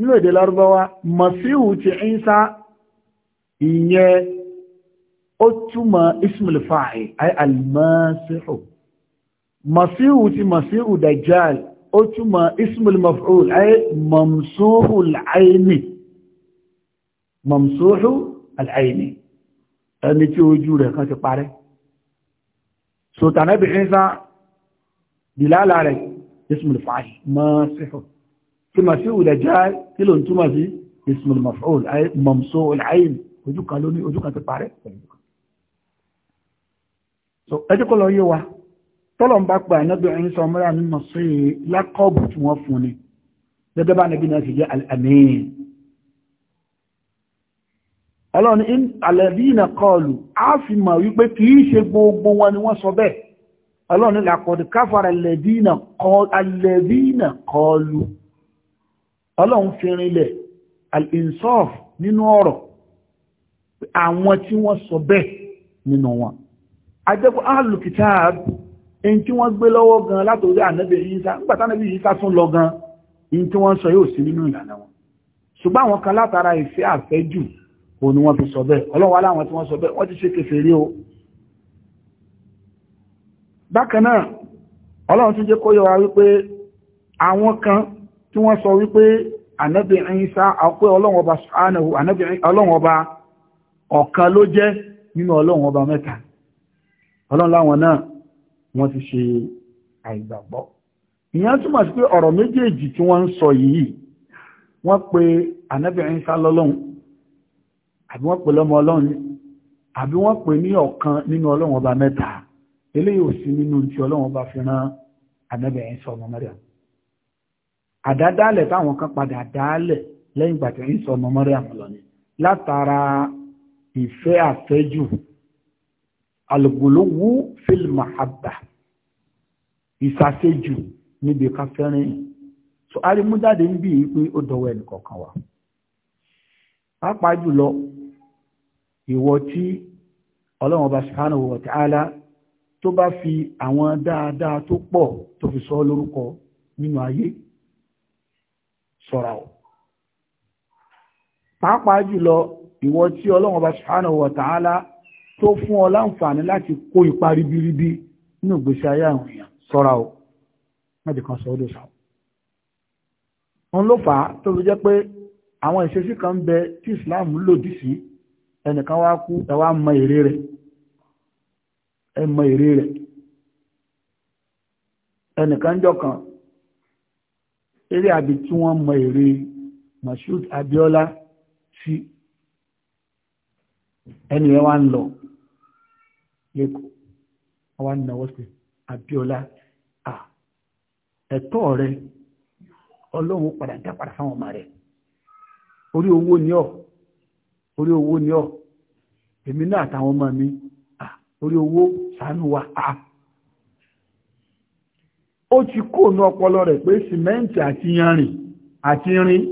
nínú èdè lárúbáwá masihu ti Ìsá ìyẹn ó túmọ̀ ismul fa'il ay almasihu masihu ti masihu dajjal ó túmọ̀ ismul maf'ul ay mamsuhu al'aini mamsuhu al'aini ẹni tí ojú rẹ̀ kan ti parẹ́ sultanabi Ìsá dìlálà rẹ̀ ismul fa'il kí masihu dajjal kí ló ń túmọ̀ sí ismul maf'ul mamsu'ul ayn ojú kan lóní ojú kan ti parẹ́ so ẹjẹ́ kọ́ lọ yé wa tọ́lọ̀ ń bá pa ànábì Ìsá ọmọ rẹ̀ nínú sí lákọ́ọ̀bù tí wọ́n fún ni gẹ́gẹ́ bá nàbí náà sì jẹ́ al-amin ọlọ́run alladhina qalu a fi ọlọ́run fi rinlẹ̀ al-insaf nínú ọ̀rọ̀ àwọn tí wọ́n sọ bẹ́ẹ̀ nínú wọn ajẹ́kọ̀ al-kitab in tí wọ́n gbé lọ́wọ́ gan látòrí ànábì Ìsá nígbàtà ànábì Ìsá tún lọ gan in tí wọ́n sọ yóò sí nínú ìlànà wọn ṣùgbọ́n àwọn kan látara ìfẹ́ àfẹ́jù òun ni wọ́n fi sọ bẹ́ẹ̀ ọlọ́run wá láwọn tí wọ́n sọ bẹ́ẹ̀ wọ́n ti ṣe kèfèrí o bákan náà ọlọ́run tún jẹ́ kó yọ wa wípé àwọn kan tí wọ́n sọ wípé ànábì Ìsá àpé ọlọ́wọ́ba subhanahu ànábì ọlọ́wọ́ba ọ̀kan ló jẹ́ nínú ọlọ́wọ́ba mẹ́ta ọlọ́láwọn náà wọ́n ti ṣe àìgbàgbọ́ ìyẹn túmọ̀ sí pé ọ̀rọ̀ méjèèjì tí wọ́n ń sọ yìí wọ́n pe ànábì Ìsá lọ́lọ́hun àbí wọ́n pe lọ́mọ ọlọ́run àbí wọ́n pe ní ọ̀kan nínú ọlọ́wọ́ba àdádálẹ̀ táwọn kan padà dálẹ̀ lẹ́yìn ìgbà tí ìsọ ọmọ Mariam lọ ni látara ìfẹ́ àfẹ́jù alùgbòlówó fílmù àbà ìsàṣejù níbi ká so arimújáde ń bí pé ó dọwọ́ ẹnì kọ̀ọ̀kan wa pàápàá jùlọ ìwọ tí ọlọ́run ọba subhanahu wa ta'ala tó bá fi àwọn dáadáa tó pọ̀ tó fi sọ lórúkọ nínú ayé sọ́ra ọ̀ pàápàá jùlọ ìwọ tí ọlọ́run bá subhanahu wa ta'ala tó fún ọ láǹfààní láti kó ipa ribiribi nínú ìgbésí ayé àwọn èèyàn sọ́ra ọ̀ mẹ́jọ kan sọ ó lè sọ wọn ló fà á tó fi jẹ́ pé àwọn ìṣesí kan bẹ tí Islam lòdì sí ẹnìkan wá kú ẹ wá mọ èrè rẹ̀ ẹ mọ èrè rẹ̀ ẹnìkan jọ kan eré àbí tí wọ́n mọ èrè Mashood Abiola sí ẹni ẹ wá ń lọ lẹ́kọ̀ọ́ wá ń náwó sí Abiola à ẹ̀tọ́ rẹ ọlọ́run padà dá padà fáwọn ọmọ rẹ orí owó ni ọ orí owó ni ọ èmi náà àtàwọn ọmọ mi orí owó ṣàánú wa àá ó ti kó ní ọpọlọ rẹ̀ pé sìmẹ́ǹtì àti yanrìn àti irin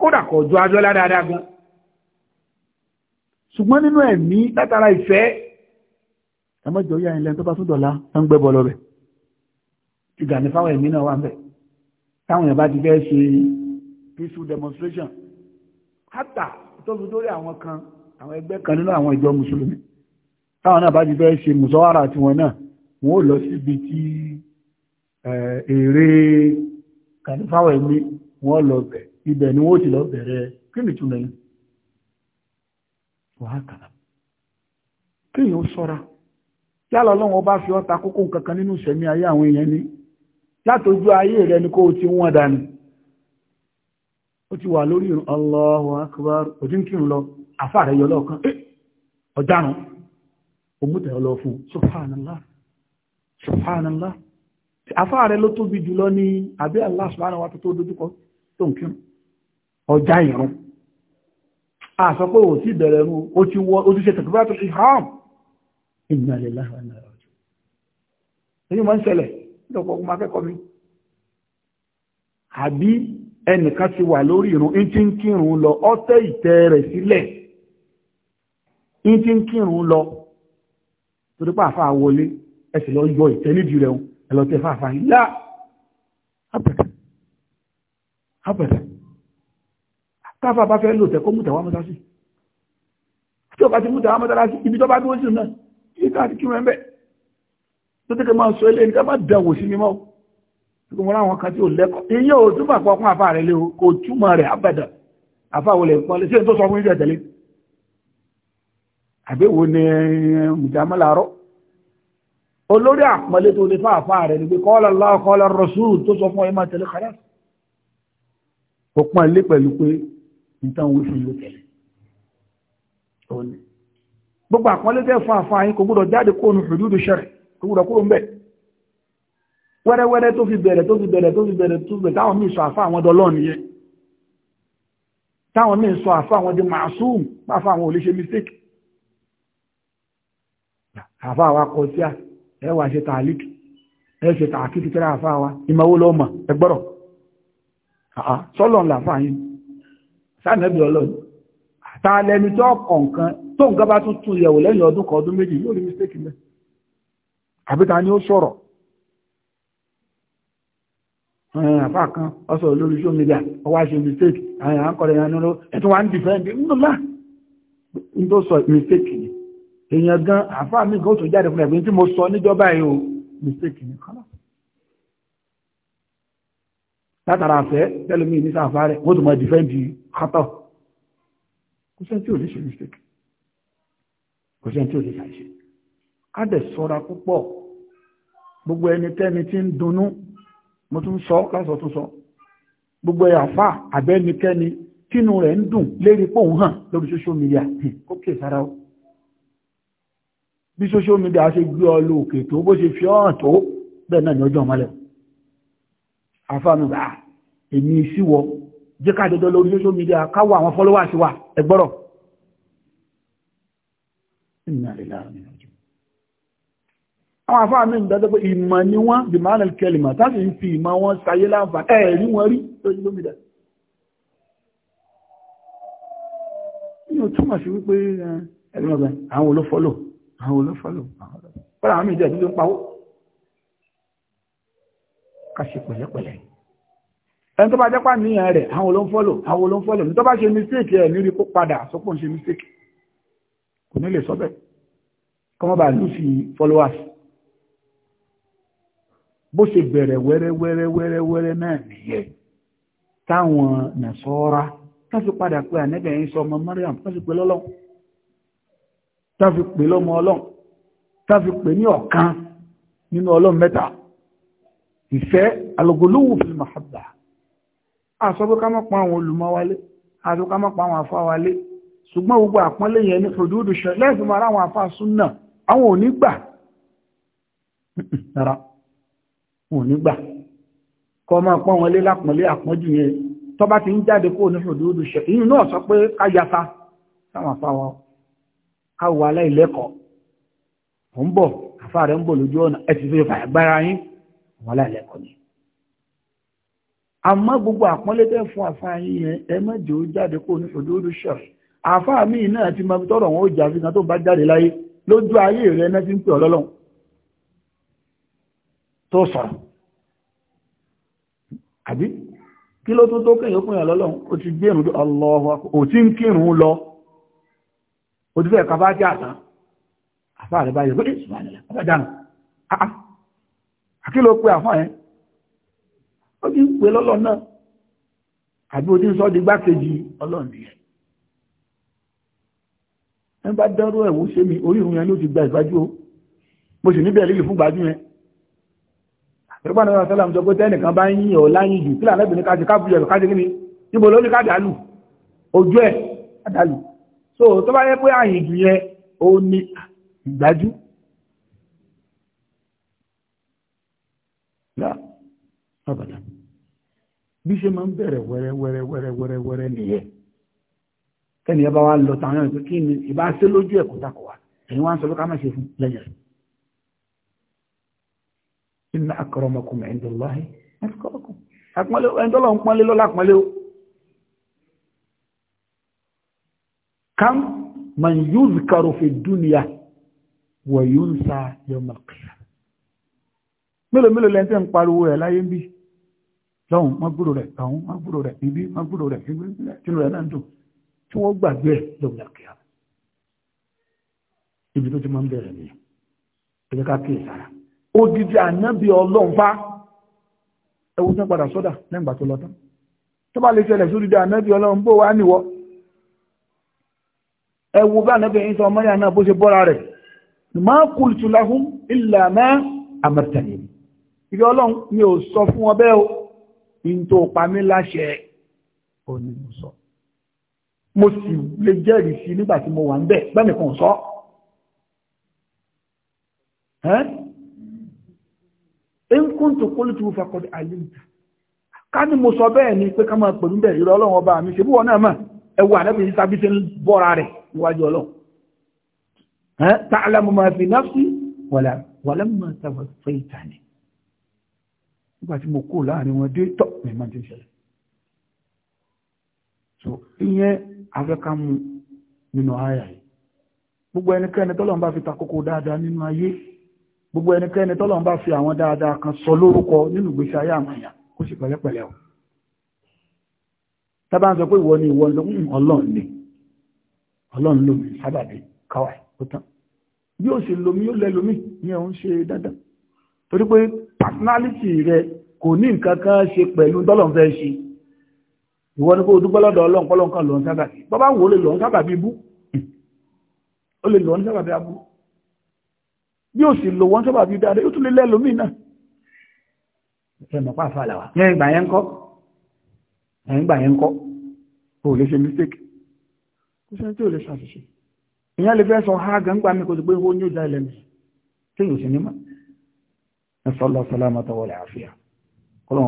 kódà kò ju ajọ́lá dáadáa gan ṣùgbọ́n nínú ẹ̀mí látara ìfẹ́ ẹmọ́jọ yá ilẹ̀ tó bá tún dọ̀lá ń gbẹ́ bọ́ lọ́bẹ̀ ìgbà ní fáwọn ẹ̀mí náà wà ń bẹ̀ táwọn èèyàn bá ti fẹ́ ṣe peaceful demonstration hátà tó fi dórí àwọn kan àwọn ẹgbẹ́ kan nínú àwọn ìjọ mùsùlùmí táwọn náà bá ti fẹ́ ṣe mùsọ́wárà tiwọn náà wọ́n lọ síbi tí èrè kànífàwọ̀ ẹ̀mí wọ́n lọ bẹ̀ ibẹ̀ ni wọ́n ti lọ bẹ̀rẹ̀ kí ni túnmọ̀ yìí wà á kàlà kí sọ́ra yálà ọlọ́run bá fi ọta kókó kankan nínú ìṣẹ̀mí ayé àwọn èèyàn ni látọjú ayé subhanallah afá rẹ ló tóbi jùlọ ní àbí Allah subhanahu wa tó dojúkọ tó ń kírun ọjà ìrún àsọ pé ò sí bẹ̀rẹ̀ rú ó ti wọ ó ti ṣe tẹ̀kùbátù ìhàm inna lillahi wa inna ilaihi raji'un èyí máa ń ṣẹlẹ̀ lọ́pọ̀ ọkùnrin akẹ́kọ̀ọ́ mi àbí wọlé ẹ sì lọ yọ ìtẹ́lídìí rẹ̀ ẹ lọ tẹ fàáfà yín lá àbẹ̀tẹ̀ àbẹ̀tẹ̀ káfà bá fẹ́ lò tẹ kó mútàwá mọ́sásí tí ọba ti mútàwá mọ́sásí ibi tó bá dúró sí náà yìí káàkiri kí wọ́n bẹ̀ tó tẹ́kẹ̀ máa sọ ilé nǹkan bá dẹ̀wò sí mímọ́ tó mọ́ láwọn kan tí ó lẹ́kọ̀ọ́ iye ò túnbà pọ̀ fún àfà rẹ̀ lé o kò túmọ̀ rẹ̀ àbẹ̀dẹ̀ àfà wọlé nǹkan lé sí olórí àpọ̀lẹ́ tó lè fà àfà rẹ̀ ní pé qala Allah qala Rasul tó sọ fún ẹmà tẹ̀lé kàrẹ́ ó pọ́n ilé pẹ̀lú pé nǹkan wí fún ló tẹ̀lé òní gbogbo àpọ̀lẹ́ tẹ́ fún àfà yín kò gbúdọ̀ jáde kó nu hududu shar'i kò gbúdọ̀ kúrò ń bẹ̀ wẹ́rẹ́wẹ́rẹ́ tó fi bẹ̀rẹ̀ ẹ wà ṣe tààlíkì ẹ ṣe tààkìtì kíra àfáà wa ìmọ̀wó ló mọ̀ ẹ gbọ́rọ̀ sọ́lọ̀ ńlá fáà yín sáàmẹ́bí ọlọ́run ta lẹni tó kọ̀ọ̀kan tó nǹkan bá tún tún yẹ̀wò lẹ́yìn ọdún kan ọdún méjì yóò rí mistake mẹ́ àbíta ni ó sọ̀rọ̀ àfáà kan ọsọ̀ lórí social media ọwá ṣe mistake àyàn àkọrẹ̀ ìyànlọ́rọ̀ ẹ̀tún wá ń dìfẹ́ èèyàn gan àfáà mi gan ó tún jáde fún ẹ̀gbìn tí mo sọ níjọba yìí o mistake ní kọ́lá látara àfẹ́ tẹ́lẹ̀mí ní sáfà rẹ̀ wọ́n tún mọ̀ dìfẹ́ǹdì kọ́tọ̀ kò sẹ́ni tí ò lè ṣe mistake kò sẹ́ni tí ò lè ṣàìṣe á dẹ̀ sọ́ra púpọ̀ gbogbo ẹnikẹ́ni tí ń dunnú mo tún sọ lásọ tún sọ gbogbo àfà àbẹ́nikẹ́ni tínú rẹ̀ ń dùn lérí pòun hàn lórí social media kó sára o bí social media ṣe gbé ọ lọ òkè tó bó ṣe fi ọ́ hàn tó bẹ́ẹ̀ náà ni ọjọ́ ọmọlẹ̀ àfáàmì bá èmi síwọ jẹ́ ká dọ́dọ́ lórí social media káwọ àwọn followers wa ẹgbọ́rọ̀ àwọn àfáàmì ń dájọ́ pé ìmọ̀ ni wọ́n the man of kelima tàbí ń fi ìmọ̀ wọn sayé láǹfà ẹ̀rí wọn rí lórí social media ní o túmọ̀ sí wípé ẹ̀rí wọn bẹ àwọn olófọ́lò àwọn olófàlò pẹ́lú àwọn méjì ẹ̀dúgbò ń pawó káṣe pẹ̀lẹ́pẹ̀lẹ́ ẹni tó bá jẹ́pà níyàn rẹ̀ àwọn olófọ́lò àwọn olófọ́lò ní tó bá ṣe mistake ẹ̀ nírí kó padà sọ́pọ̀ ń ṣe mistake kò ní lè sọ́bẹ̀ kọ́mọ́ bá lù sí followers bó ṣe bẹ̀rẹ̀ wẹ́rẹ́wẹ́rẹ́wẹ́rẹ́ náà nìyẹn táwọn nàṣọ́ra tó fi padà pé ànẹ́bẹ̀yìn sọ ọmọ Mariam tó fi pé lọ́lọ́run táfi pè lọ́mọ ọlọ́run táfi pè ní ọ̀kan nínú ọlọ́run mẹ́ta ìfẹ́ alogolówó fi mahabba àsọ́bọ́ ká mọ́ pa àwọn olùmọ́ wálé àti ká mọ́ pa àwọn afá wálé ṣùgbọ́n gbogbo àpọ́nlé yẹn ní fòdúdù ṣe lẹ́ẹ̀fì mara àwọn afá súnà àwọn ò ní gbà kọ́ máa káwọ aláìlẹ́kọ̀ọ́ ò ń bọ̀ àfáà rẹ̀ ń bọ̀ lójú ọ̀nà ẹ ti fi fàgbára yín ni gbogbo fún àfáà yín yẹn ẹ ó jáde kó ní àfáà míì náà ti máa tọrọ wọn ó jà fi kan tó bá jáde láyé lójú ayé rẹ náà ti ń pè ọlọ́lọ́run tó àbí kí ló tó tó pè ó ti gbé lọ o ti fẹ́ ẹ̀ka bá jẹ́ àtàn àfáà rẹ̀ báyìí pé ìsìn eh, àlẹ́ àbájánu ah, ah. àkílò pé àfáà yẹn ó ti ń pè lọ́lọ́ náà àbí o ti ń sọ di gbákejì ọlọ́run yẹn ẹ bá dárú ẹ̀wọ́ ṣe mi orí ìrun yẹn ló ti gba ìgbájú o mo sì níbẹ̀ léyìí fún gbájú yẹn ìrọ̀pá náà sọ́lá sọ pé tẹ́nìkan bá ń yìn ọ̀ láyìn jù kílà náà bìnrin káṣe káàbù yẹn káṣe kí ni níbo ló ní káàdà lù ojú ẹ̀ káàdà so tó bá yẹ pé àyìndù yẹn ó ní ìgbájú lábàdà bí ṣe máa ń bẹ̀rẹ̀ wẹ́rẹ́wẹ́rẹ́wẹ́rẹ́wẹ́rẹ́ nìyẹn kẹ́ni ẹ bá lọ tàwọn ẹ̀sùn kí ni ìbá ṣe lójú ẹ̀kọ́ takọ̀ wá ẹ̀yin wá ń sọ pé ká má ṣe fún lẹ́yìn rẹ̀ kam man yuzkaru fi dunya wa yunsa yawm al-qiyamah mélòó mélòó lẹ́ntẹ́ ń pariwo ẹ̀ láyé ń bí lọ́hùn mọ́gbúrò rẹ̀ ọ̀hún mọ́gbúrò rẹ̀ ibi mọ́gbúrò rẹ̀ ibi tínú rẹ̀ náà ń dùn tí wọ́n gbàgbé ẹ̀ lọ́wọ́ àkíyà ibi tó ti máa ń bẹ̀rẹ̀ nìyẹn ẹ ká kí ìsára odidi ànábì ọlọ́run fa ẹwọ́n tó padà sọ́dà lẹ́gbàá tó lọ́tọ́ tó bá lè ṣẹlẹ̀ sódidi ànábì ọlọ́run bó wá níwọ́ ẹwù bá nẹ́bẹ̀ ìsọ mọ́yà náà bó ṣe bọ́ra rẹ̀ ma qultu lahum illa ma amartani ibi ọlọ́run mi ò sọ fún ọ bẹ́ẹ̀ o in tó pa mí láṣẹ ò ní mo sọ mo sì lè jẹ́rìí sí nígbà mo wà ń bẹ̀ bẹ́ẹ̀ nìkan sọ in kuntu qultu faqad alimta ká ní mo sọ bẹ́ẹ̀ ni pé ká máa pẹ̀lú bẹ̀ ìrọ̀ ọlọ́run ọba mi ṣe bí wọn náà mọ̀ ẹwù ànẹ́bìnrin sábí ṣe ń bọ́ra rẹ̀ níwájú ọlọ́run ta'lamu ma fi nafsi wàlá máa tàbí fẹ́ ìtàní nígbà tí mo kó láàrin wọn dé tọ́ mẹ́mọ́ tí ó ṣẹlẹ̀ so ìyẹn afẹ́ká mú nínú àyà yìí gbogbo ẹnikẹ́ni tọ́lọ́run bá fi takókò dáadáa nínú ayé gbogbo ẹnikẹ́ni tọ́lọ́run bá fi àwọn dáadáa kan sọ lórúkọ nínú ìgbésí ayé àwọn kó sì pẹ̀lẹ́pẹ̀lẹ́ o tábà ń sọ pé ìwọ ni ìwọ hmm, ọlọ́run ọlọ́run lómi sábàbí káwà ó tán yóò sì lomi yóò lẹ́lómi ní ẹ̀hún ṣe dandan torí pé personality rẹ kò ní nǹkan kan ṣe pẹ̀lú tọ́lọ̀n fẹ́ ṣe ìwọ ni kó dúpẹ́ lọ́dọ̀ ọlọ́run pọ́lọ́n kan lòun sábàbí bọ́bá wo lè lòun sábàbí bú ó lè lòun sábàbí abú bí ó sì lò wọ́n sábàbí dáadáa yóò tún lè lẹ́lómi náà ẹ̀mọ̀ pàfàlà wa yẹn ìgbà yẹn ń kọ́ ẹ̀yìn ìgbà yẹn kọ́ kò lè ṣe mistake kò sẹ́ni tí ò lè ṣàṣìṣe èèyàn lè fẹ́ sọ ha gangba mi kò sì pé owó ní ìjà ilẹ̀ mi tí yóò sì ní mọ́ ẹ̀sọ́ lọ sọlámà tọwọ́ lẹ̀ àfíà ọ̀rọ̀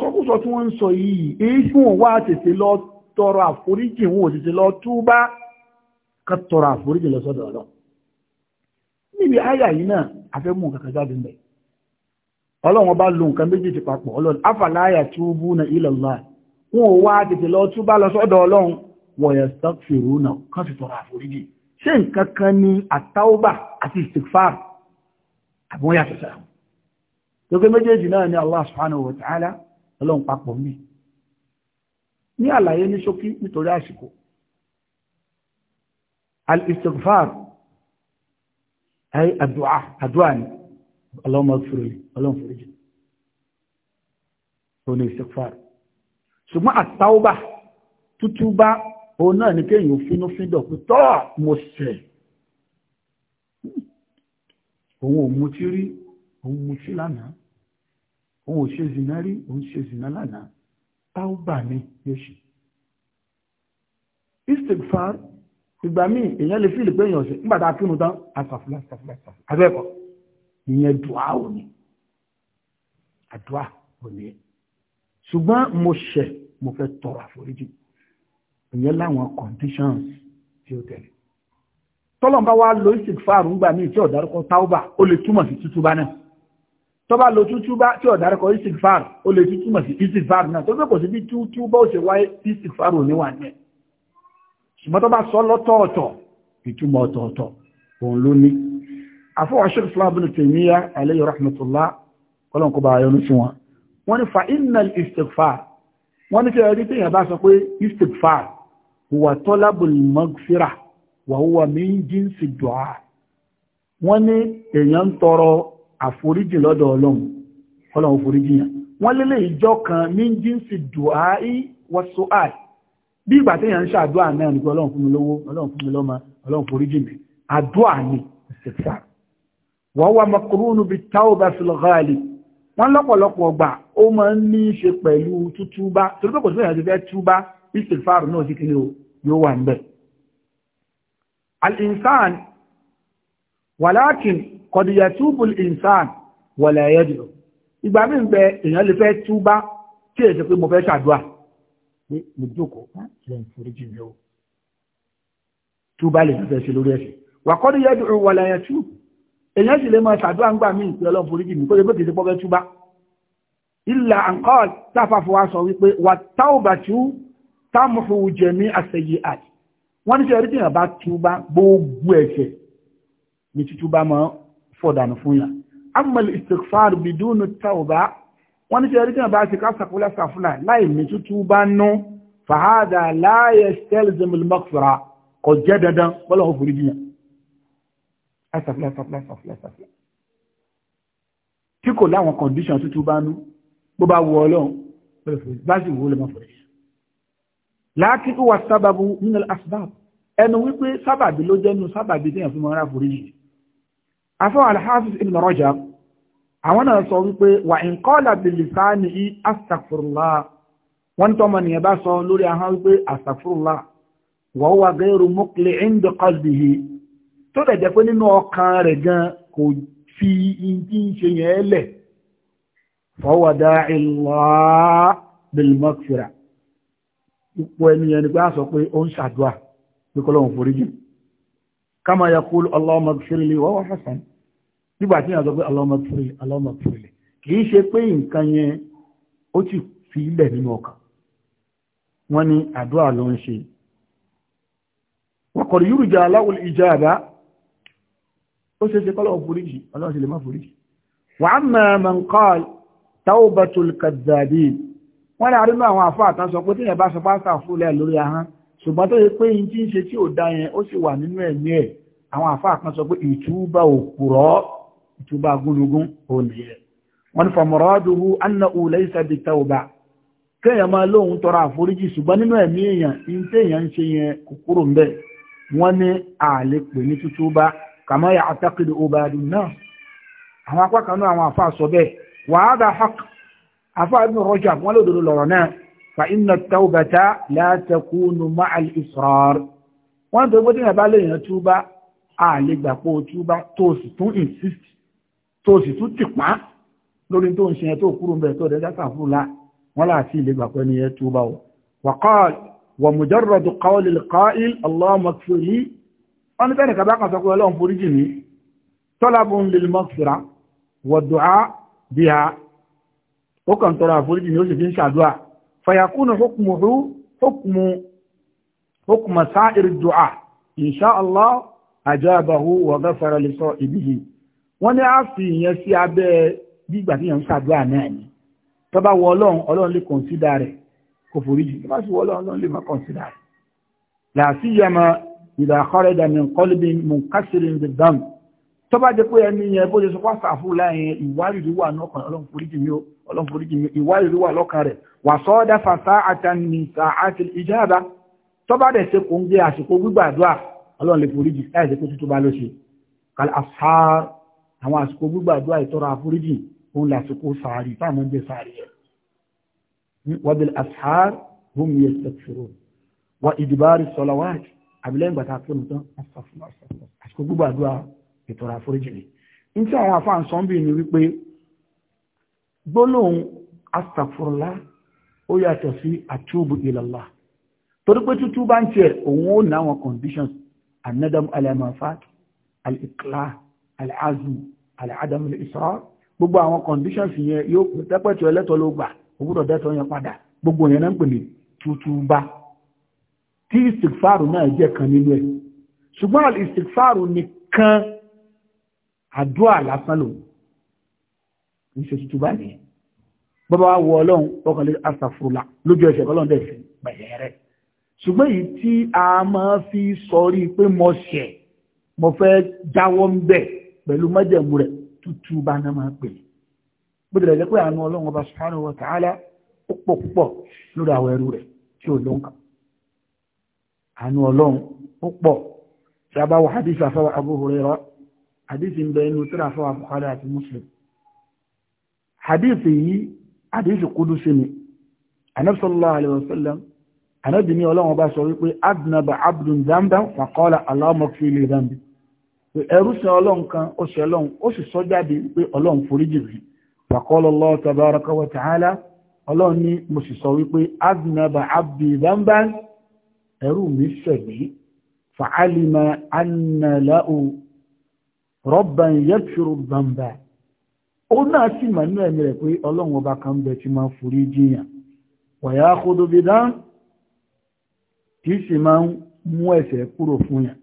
sọ́kùsọ tí wọ́n ń sọ yìí èyí tí wọ́n wá tètè tọrọ àforíjì wọn ò lọ túbá tọrọ àforíjì lọ sọ́dọ̀ ọlọ́ níbi àyà yìí náà jáde ọlọ́run bá lo nǹkan méjì ti papọ̀ ọlọ́run afàláyà na ilallah wọn ò wá tètè lọ túbá lọ sọ́dọ̀ ọlọ́run wayastaghfiruna kan ní àlàyé ní ṣókí nítorí àsìkò al-istighfar ay àdúà àdúà ni Allahumma ighfirli Allahumma foríjì tó ní istighfar ṣùgbọ́n àtàwọ́bà tútúbá òun náà ní kéèyàn fínú fíndọ̀ pé tọ́ mo ṣẹ̀ òun ò mutí rí òun mutí lánàá òun ò ṣe zìnà rí òun ṣe zìnà lánàá táúbà ní yóṣù istigfar ìgbà míì èèyàn lè fíìlì pé èèyàn ṣe nígbà tá a kírun tán àṣàfúlà àṣàfúlà àṣàfúlà abẹ́ẹ̀kọ́ ìyẹn dùá ò ní àdúà ò ní ṣùgbọ́n mo ṣẹ̀ mo fẹ́ tọrọ àforíjì ìyẹn láwọn conditions tí ó tẹ̀lé tọ́lọ́mbá wa lo istigfar ń gbà míì tí ó dárúkọ táúbà ó lè túmọ̀ sí tútúbá náà tó bá lo tútúbá tí ọ̀dárẹ́kọ̀ istikfar ó lè tútúmọ̀ sí istikfar náà tó gbé kò sí bí tútúbá ó ṣe wáyé istikfar ò níwà ní ẹ̀ ṣùgbọ́n tó bá sọ lọ́tọ̀ọ̀tọ̀ ìtumọ̀ ọ̀tọ̀ọ̀tọ̀ òun ló ní àfọwọ́ sheikh islam bin taymiya alayhi rahmatullah kọ́lọ́n kó bá a yọnu sí wọn wọ́n ní fa innal istikfar wọ́n ní kẹ́rẹ́ dípé àforíjì lọ́dọ̀ ọlọ́run ọlọ́run foríjì yàn wọ́n lélẹ̀ ìjọ kan ní jíǹsì dùáì wọ́sọ àì bí ìgbà téèyàn ń ṣàdúrà náà nípa ọlọ́run fún mi lówó ọlọ́run fún mi lọ́mọ ọlọ́run foríjì mi àdúrà ni ìṣẹ̀fà wọ́n wá makurúnù bíi táwọ̀bá filọ̀gáàlì wọ́n lọ́pọ̀lọpọ̀ ọgbà ó máa ń ní í ṣe al-insan walakin kọ̀dìyà túbùl ìnsàn wọ̀lẹ̀ ẹ̀yẹ́ jù ìgbà mí bẹ èèyàn lè fẹ́ túbá tí èsì pé mo fẹ́ ṣàdúà pé mo jókòó ṣe ń forí jì mí o túbá lè fẹ́ ṣe lórí ẹ̀sìn wà kọ́dìyà jù wọ̀lẹ̀ ẹ̀yẹ́ tú èèyàn sì lè máa ṣàdúà ńgbà mí ìpè ọlọ́run forí jì mí kó lè pé kìí pọ́ fẹ́ túbá ilà àǹkọ́ọ̀l táfàfọ́ wa sọ wípé wà táwùbàtú táàmùfù jẹ̀mí fọ̀dànù fún yà amal istighfar bidunu tauba wọ́n ní sẹ́rí tíyàn bá ti ká sàkúlẹ̀ sàfúnà láì ní tútú bá nú fàhádà láyé stelzimil maghfira kò jẹ́ dandan bọ́lá ò forí jiyàn sàfúlẹ̀ sàfúlẹ̀ sàfúlẹ̀ sàfúlẹ̀ tí kò láwọn kọ̀ndíṣàn tútú bá nú bó bá wọ ọlọ́run bá sì wọ́ lè má forí láàkí wà sábàbù nínú asbab ẹnu wípé sábàbí ló jẹ́ nínú sábàbí téèyàn fi mọ́ ara forí jiyàn afọ́ alhafiz ibn Rajab àwọn náà sọ wípé wà ń kọ́lá bilisani i astagfirullah wọ́n tọ́mọ nìyẹn bá sọ lórí ahọ́n wípé astagfirullah wà wà gairu mọ́kìlẹ̀ inda qalbihi tó dẹ̀ jẹ́ pé nínú ọkàn rẹ̀ gan kò fi ìdí ṣe yẹn lẹ̀ fọwọ́ da'i ipò ẹni yẹn pé a sọ pé ó ń ṣàdúà pé kama yakulu Allahumma ighfirli wa huwa hasan nígbà tí ìyàtọ̀ pé Allahumma ighfirli Allahumma ighfirli kìí ṣe pé nǹkan yẹn ó ti fi ilẹ̀ nínú ọkàn wọ́n ní àdúrà ló ń ṣe wa qad yurja lahu al-ijaba ó ṣe ṣe kọ́lọ̀ foríjì ọlọ́run ṣe ṣùgbọ́n tó yẹ pé yìí tí ń ṣe tí ò dá yẹn ó sì wà nínú ẹ̀mí ẹ̀ àwọn àfáà kan sọ pé ìtúbà òpùrọ́ ìtúbà gúnlugún ò nìyẹn wọ́n ní fọmọ̀rọ́dùhù anna ulẹ̀ ìsàbí tàùbà kéèyàn máa lóhun tọrọ àforíjì ṣùgbọ́n nínú ẹ̀mí èèyàn in téèyàn ń ṣe yẹn kúkúrò ń bẹ̀ wọ́n ní ààlè pè ní tútúbà kàmá yà àtàkìlì obàdù náà àwọn apá kan náà àwọn àfáà sọ bẹ́ẹ̀ wàhádà haq àfáà فإن التوبة لا تكون مع الإصرار wọ́n tó gbọ́dọ̀ yẹn bá lè yàn túbá a lè gbà pé o túbá tó sì tún insist tó sì tún tìpá lórí tó ń ṣe yẹn tó kúrò ń bẹ̀ tó rẹ̀ dáta fún la wọ́n láà sí lè gbà pé ní yẹn túbá o. وقال ومجرد قول القائل اللهم اغفر لي wọ́n ní bẹ́ẹ̀ nìkan bá kan sọ pé ọlọ́run forí jì mí طلب للمغفرة والدعاء بها ó kàn tọrọ àforíjì ni ó sì fi ń ṣàdúrà فيكون حكمه حكم حكم سائر الدعاء إن شاء الله أجابه وغفر لصائبه wọ́n ní a fi ìyẹn sí abẹ́ gbígbà tí yẹn ń ṣàdúrà náà ni tó bá wọ ọlọ́run ọlọ́run lè kọ̀ǹsídà rẹ̀ kò foríjì tó bá sì wọ ọlọ́run ọlọ́run lè má kọ̀ǹsídà rẹ̀ làásì yẹmọ ìdá àkọ́rẹ́ dàmí nkọ́lébí mùkásìrì ń dàn tó bá jẹ́ pé ẹni yẹn bó ṣe sọ pàṣà fún láyẹn ìwárìrì wà náà kan ọlọ́run foríjì mi ó ọlọ́run foríjì mi ìwá ìlú wà lọ́kàn rẹ̀ wà sọ́ọ́dá fàṣà àtàní sàáàtì ìjáàbá tọ́ba dẹ̀ ṣe kò ń gbé àsìkò gbígbàdúrà ọlọ́run lè foríjì láì ṣe kó tútù bá ló ṣe kàlẹ́ àṣàr àwọn àsìkò gbígbàdúrà ìtọ́ra àforíjì òun làsìkò sàárì táwọn ń gbé sàárì yẹn wabil ashar hum yastaghfirun wa idibari salawat àbílẹ̀ ìgbàta fún ìtàn àsìkò gbígbàdúrà ìtọ́ra gbólóhùn astagfurla ó yàtọ̀ sí àtúbù ìlàlá torí pé tútú bá ń tiẹ̀ òun ó ná àwọn conditions anadam alamafat al-iqla al-azm al-adam al gbogbo àwọn conditions yẹn yóò pè tẹ́pẹ̀tì ẹlẹ́tọ̀ ló gbà òwúrọ̀ dẹ́tọ̀ yẹn padà gbogbo yẹn náà ń pè ní tútú bá tí istikfaru náà jẹ́ kan nínú ẹ̀ ṣùgbọ́n istikfaru nìkan àdúrà lásán lòun níṣẹ́ tuntun bá nìyẹn bọ́bá wọ ọlọ́run ọkàn lè asàfurulà lójú ẹsẹ̀ ọlọ́run dẹ̀ sí bẹ̀rẹ̀ rẹ̀ ṣùgbọ́n èyí tí a máa fi sọrí pé mo ṣẹ̀ mo fẹ́ jáwọ́ ń bẹ̀ pẹ̀lú májẹ̀mú rẹ̀ tútù bá náà máa pè é bó tilẹ̀ jẹ́ pé àánú ọlọ́run ọba subhanahu wa ta'ala ó púpọ̀ lórí àwọn ẹrú rẹ̀ tí ò lóǹkà àánú ọlọ́run ó tí a bá wọ hadith afáwà Abu Hurairah hadith ń bẹ inú tíra afáwà Bukhari àti Muslim hadithi yìí hadithi kudusi ni anabi sallallahu alaihi wasallam anabi ni ọlọ́run ọba sọ wípé adnaba abdun zamba faqala allahumma fi li dhanbi ẹrú sin ọlọ́run kan ó sì ọlọ́run ó sì sọ jáde wípé ọlọ́run foríjì rí faqala allah tabaraka wa ta'ala ọlọ́run ni mo sì sọ wípé adnaba ó náà sì mọ̀ nínú ẹ̀mí rẹ̀ pé ọlọ́run ọba kan bẹ tí máa forí jiyàn wàyà kódóbi dáhùn kì í sì máa ń mú ẹ̀ṣẹ̀ kúrò fún yàn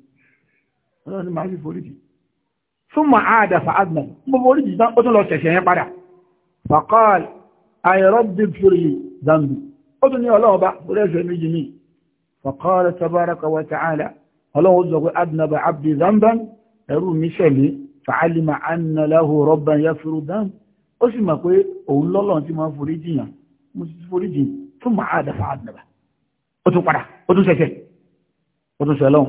ọlọ́run ni máa fi forí jì súnmọ́ àdàfà àgbà mo forí jì tán ó tún lọ ṣẹ̀ṣẹ̀ yẹn padà fàkọ́ọ̀l àìrọ́bì fúri zambi ó tún ní ọlọ́run ọba forí ẹ̀ṣẹ̀ méjì ní fàkọ́ọ̀l tabaraka ta'ala ọlọ́run ó sọ pé adnaba fàálìmà annaláhù rọ́bà yáfúrú dáhùn ó sì mọ̀ pé òun lọ́lọ́run tí máa foríjì yàn mo ti foríjì fún màá àdàfà àdàbà ó tún padà ó tún ṣẹ̀ṣẹ̀ ó tún ṣẹlọ́run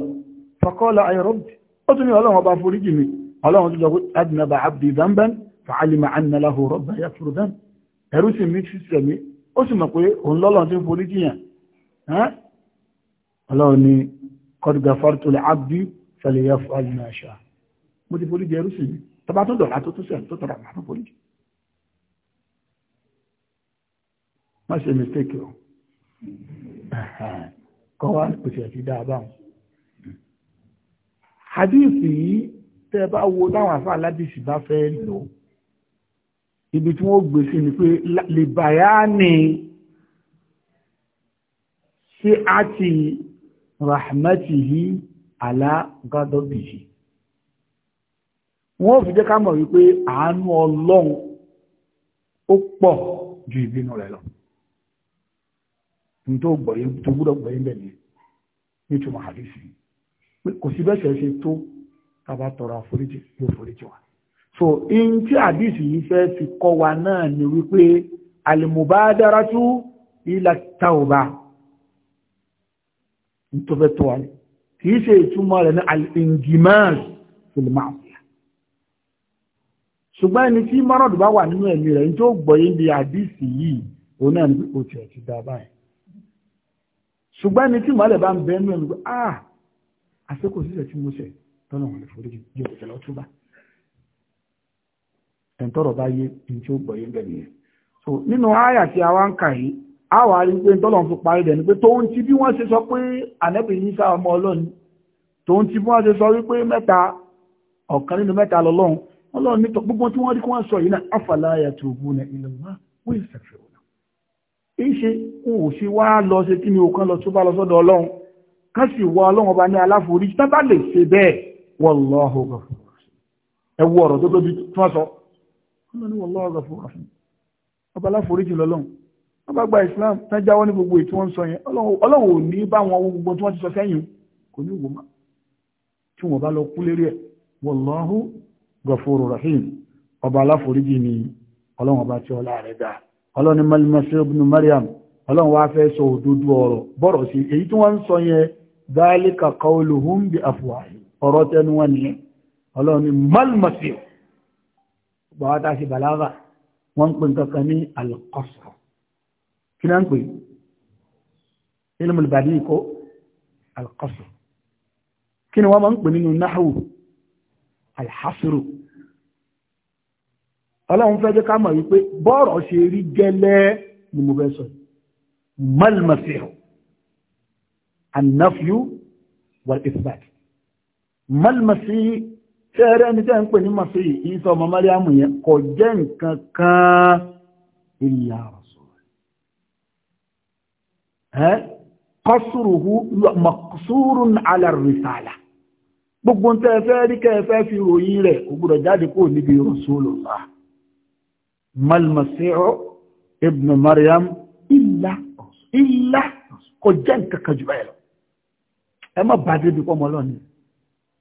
fàkọ́lá ayọ̀rọ̀bì ó tún ní ọlọ́run ọba foríjì mi ọlọ́run tó lọ́kú adìnàbà abdi zamban fàálìmà annaláhù rọ́bà yáfúrú dáhùn ẹ̀rú sì mi sì sẹ̀mí ó sì mọ̀ mo ti forí jẹ ẹrú sí mi tọba tó dọ̀la tó tún sẹ̀ tó tọrọ àmà forí jẹ má ṣe mistake o kọ́ wá pèsè ẹ̀sì dáa báwọn hadisi yìí tẹ́ bá wo táwọn àfa aládìsí bá fẹ́ lò ibi tí wọ́n gbé sí ni pé lè bàyá ni sí àti rahmatihi ala wọ́n fi jẹ́ ká mọ̀ wípé àánú ọlọ́run ó pọ̀ ju ìbínú rẹ̀ lọ tó gbọ́dọ̀ gbọ́yé bẹ̀ ní nítumọ̀ àdísì kò sí bẹ́sẹ̀ ṣe tó tàbá tọrọ àforíjì yóò foríjì wa so in tí àdísì yìí fẹ́ fi kọ́ wa náà ni wípé alìmùbádáratú ila tàùbá tó fẹ́ tó wa kìí ṣe ìtumọ̀ rẹ̀ ní alìngimás ṣùgbọ́n ẹni tí mọ́rọ̀dù bá wà nínú ẹ̀mí rẹ̀ tó gbọ́yé bí àdìsí yìí òun náà ní o tiẹ̀ ti dá báyìí ṣùgbọ́n ẹni tí mọ́lẹ̀ bá ń bẹ nínú ẹ̀mí ah àsìkò sísẹ̀ tí mo ṣẹ̀ tọ́nà wọn lè forí jù yóò tẹ̀lé ọtún bá ẹ̀ńtọ́rọ̀ bá yé ní tí ó gbọ́yé bẹ́ẹ̀ nìyẹn so nínú àyà tí a ń kà yìí a wà rí pé tọ́lọ̀ fi parí rẹ̀ ni pé tóun ti bí wọ́n ṣe sọ pé ànẹ́bì yìí sá ọmọ ọlọ́ni tóun ti bí wọ́n ṣe sọ wípé mẹ́ta ọ̀kan nínú mẹ́ta lọ́lọ́run ọlọ́run nítọ̀ gbogbo tí wọ́n rí kí wọ́n sọ yìí náà afàláyà tó bú na ilẹ̀ wá wọ́n ìṣẹ̀fẹ̀ wọn. ìṣe wọn ò ṣe wá lọ ṣe kí ni o kan lọ tó bá lọ sọ́dọ̀ ọlọ́run ká sì wọ ọlọ́run ọba ní aláforí tí bá lè ṣe bẹ́ẹ̀ wallahu ghafur ẹ wọ ọ̀rọ̀ tó tóbi tí wọ́n sọ wallahu ghafur ọba aláforí ọlọ́run ò gọfúrú rahim ọba aláforíjì ni ọlọ́run ọba tí ọlá rẹ̀ ga ọlọ́run ni malimasi ibn mariam ọlọ́run wá fẹ́ sọ òdodo ọ̀rọ̀ bọ́rọ̀ sí èyí tí wọ́n ń sọ yẹn dhalika qawluhum bi afwahi ọ̀rọ̀ tẹnu wọn nìyẹn ọlọ́run ni malimasi bàbá tá a ṣe bàlágà wọ́n ń pè nǹkan ní alqasr kí náà ń pè ilmu al-badi kó kí ni wọ́n máa ń pè nínú nahwu alhasru ọlọ́run fẹ́ jẹ́ ká mọ̀ wípé bọ́ọ̀rọ̀ ṣe rí gẹ́lẹ́ ni mo fẹ́ sọ malmasihu annafyu wal isbat malmasihu tẹ́ẹ̀rẹ́ ní tẹ́ ń pè ní masihu Ìsá ọmọ mariamu yẹn kò jẹ́ nǹkan kan illa rasul kọsùrùhù maqsurun ala risala gbogbo ń tẹ́ fẹ́ rí kẹ́ fẹ́ fi ròyìn rẹ̀ kò gbọ́dọ̀ jáde kó níbi Rasulullah malmasihu ibn Maryam illa illa kò jẹ́ nǹkan kan jù báyìí lọ ẹ má bá débi pọ́mọ lọ́ni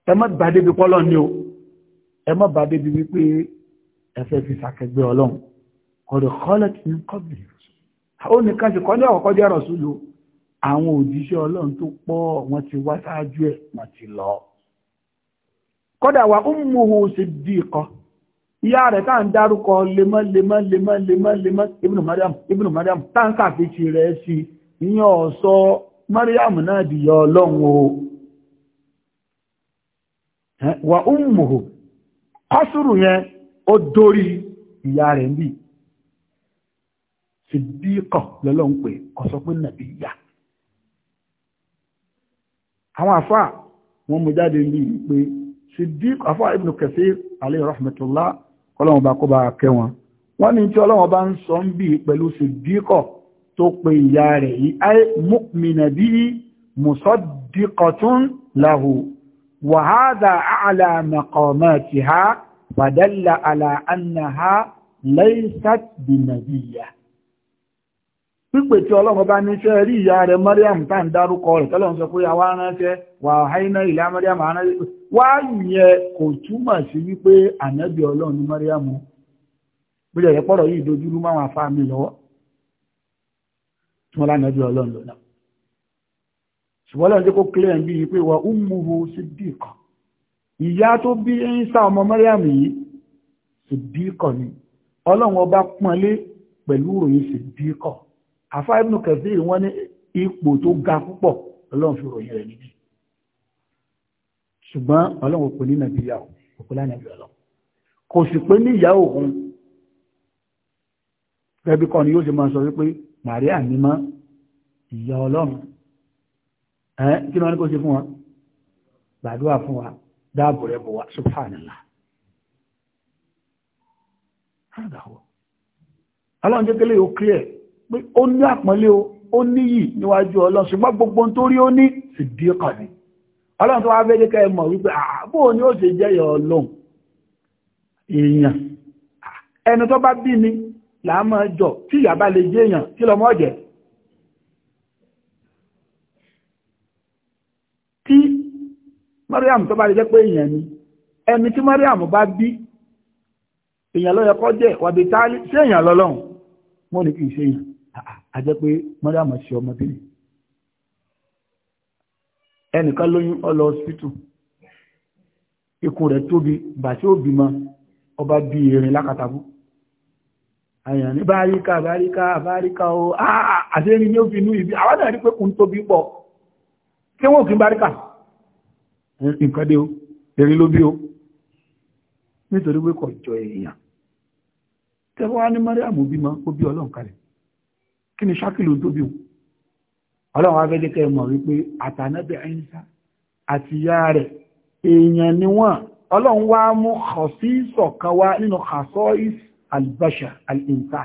ẹ má bá débi pọ́ lọ́ni o ẹ má bá débi wípé ẹ fẹ́ fi sàkẹgbẹ́ ọlọ́run kọ̀dọ̀ kọ́lẹ̀tì ní kọ́bì ó ní ká kọ́ ní ọ̀kọ́kọ́ jẹ́ Rasul àwọn òjíṣẹ́ ọlọ́run tó pọ̀ wọ́n ti wá ṣáájú ẹ̀ wọ́n ti lọ kódà wa ummuhu siddiqa ìyá rẹ̀ tá ń dárúkọ lemọ́ lemọ́ lemọ́ lemọ́ lemọ́ mariam ibnu mariam tá ń kàfíkì rẹ̀ sí ìyàn ọ̀sọ́ mariam náà ọlọ́run o wa ummuhu kọ́sùrù yẹn ó dórí ìyá rẹ̀ ń bì siddiqa lọ́lọ́run pé kọ́sọ́ pé nàbí ìyá àwọn àfáà wọ́n mú jáde ń bì pé Siddiq afa ibn Kathir alayhi rahmatullah kọ́lọ́wọ́n bá kó bá kẹ́ wọn wọ́n ní tí ọlọ́wọ́n bá ń sọ ń bí pẹ̀lú Siddiqọ̀ tó pe ìyá rẹ̀ yìí ay bí musaddiqatun lahu wa hadha a'la pípè tí ọlọ́run bá níṣẹ́ rí ìyá rẹ̀ Mariam tá ń dárúkọ rẹ̀ tọ́lọ́run sọ pé àwa ránṣẹ́ wà áìná ìlà Mariam ránṣẹ́ wá kò túmọ̀ sí wípé ànẹ́bí ọlọ́run ní Mariam pọ̀rọ̀ yìí dojúrú máwọn afá mi lọ́wọ́ tí wọ́n ọlọ́run lọ́nà ṣùgbọ́n jẹ́ kó kílẹ̀ ń bí pé wà ìyá tó bí ọmọ Mariam yìí ni ọlọ́run ọba pọ́nlé pẹ̀lú ìròyìn àfá ibùn kẹfìrì wọ́n ní ipò tó ga púpọ̀ ọlọ́run fi ròyìn rẹ̀ níbi ṣùgbọ́n ọlọ́run kò ní nàbí ìyàwó òkú lánàbí ọlọ́run kò sì pé ní ìyá òun gẹ́bí kan ni yóò ṣe máa sọ wípé Màríà ní mọ́ ìyá ọlọ́run ẹ̀ kí ni wọ́n ní kó ṣe fún wọn gbàdúrà fún wa dáàbò rẹ̀ bò wá subhanallah aláwọ̀ jẹ́ kẹ́lẹ́ yóò clear pé ó ní àpọ́nlé o ó níyì níwájú ọlọ́run ṣùgbọ́n gbogbo tó rí ó ní sídíkà ni ọlọ́run tó wá fẹ́ jẹ́ kẹ́ mọ̀ wípé àbò ni ó ṣe jẹ́ ẹni ni là á máa jọ tí ìyá bá lè Mariam tó bá lè jẹ́ pé èèyàn Mariam bá bí èèyàn ló yẹ kó jẹ́ wàbí táálí sí èèyàn lọ́lọ́run wọ́n ní kì í ṣe a jẹ́ pé mọ́dàmọ̀ ṣe ọmọdé ni ẹnìkan lóyún ọlọ hospital ikùn rẹ̀ tóbi bàtí ó bímọ ọba bí erin lákàtàkù àyàn ní báríkà báríkà báríkà o àṣẹ́rin ní ó fi inú ibi àwọn náà rí pé kùn tóbi pọ̀ kí wọ́n kí báríkà nǹkan dé o erin ló bí o kí ni ṣákìlù tó bí o ọlọ́run abẹ́jẹ́ kẹ́ mọ̀ wípé àtànábẹ̀ ẹ̀ńsá àti ìyá rẹ̀ èèyàn ni wọ́n ọlọ́run wá mú kọ̀síìsọ̀ kan wá nínú kàṣọ́ìs albasha al'insa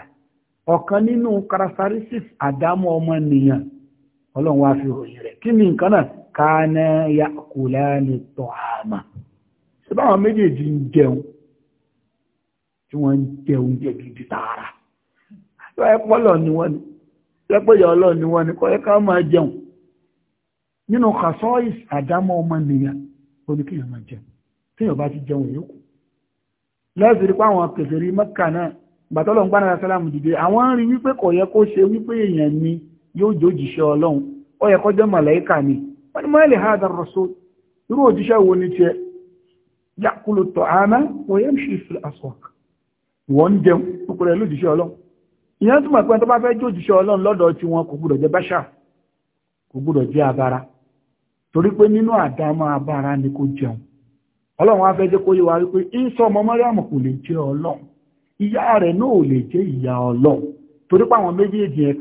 ọ̀kan nínú karasarisis àdámọ́ ọmọ nìyàn ọlọ́run wá fi ròyìn rẹ̀ kí ni nǹkan náà kánà ya kùlá ní tọ́hàmà ṣe báwọn méjèèjì ń jẹun tí wọ́n ń jẹun jẹ gidi tààrà lọ́ẹ̀pọ̀lọ̀ ni wọ́n ni lẹ́pẹ̀yà ọlọ́run ni wọ́n ní kọ́ ẹ̀ká máa jẹun nínú kàṣọ́ìs àdámọ́ ọmọ nìyà oníkèèyàn máa jẹun téèyàn bá ti jẹun yòókù lẹ́sìn rí pé àwọn kèfèrí mẹ́kà náà bàtọ́lọ̀ ń gbára sálámù dìde àwọn ń rí wípé kò yẹ kó ṣe wípé èèyàn ni yóò jójìṣẹ́ ọlọ́run ó yẹ kó jẹ́ màláíkà ni wọ́n ní máìlì ha dára so irú òjíṣẹ́ wo ni tiẹ̀ yàkùlù tọ̀ àná wọ́n yẹ́ ń ṣe ìfìlà ìyẹn túmọ̀ pé tó bá fẹ́ jòjìṣẹ́ ọlọ́run lọ́dọ̀ tí wọn kò gbúdọ̀ jẹ́ báṣà kò gbúdọ̀ jẹ́ abara torí pé nínú àdámọ́ abara ni kò jẹun ọlọ́run wá fẹ́ jẹ́ kó yé wa wípé ìsọ ọmọ mọ́ríàmù kò lè jẹ́ ọlọ́run ìyá rẹ̀ náà ò lè jẹ́ ìyá ọlọ́run torí pé àwọn méjèèjì ẹ̀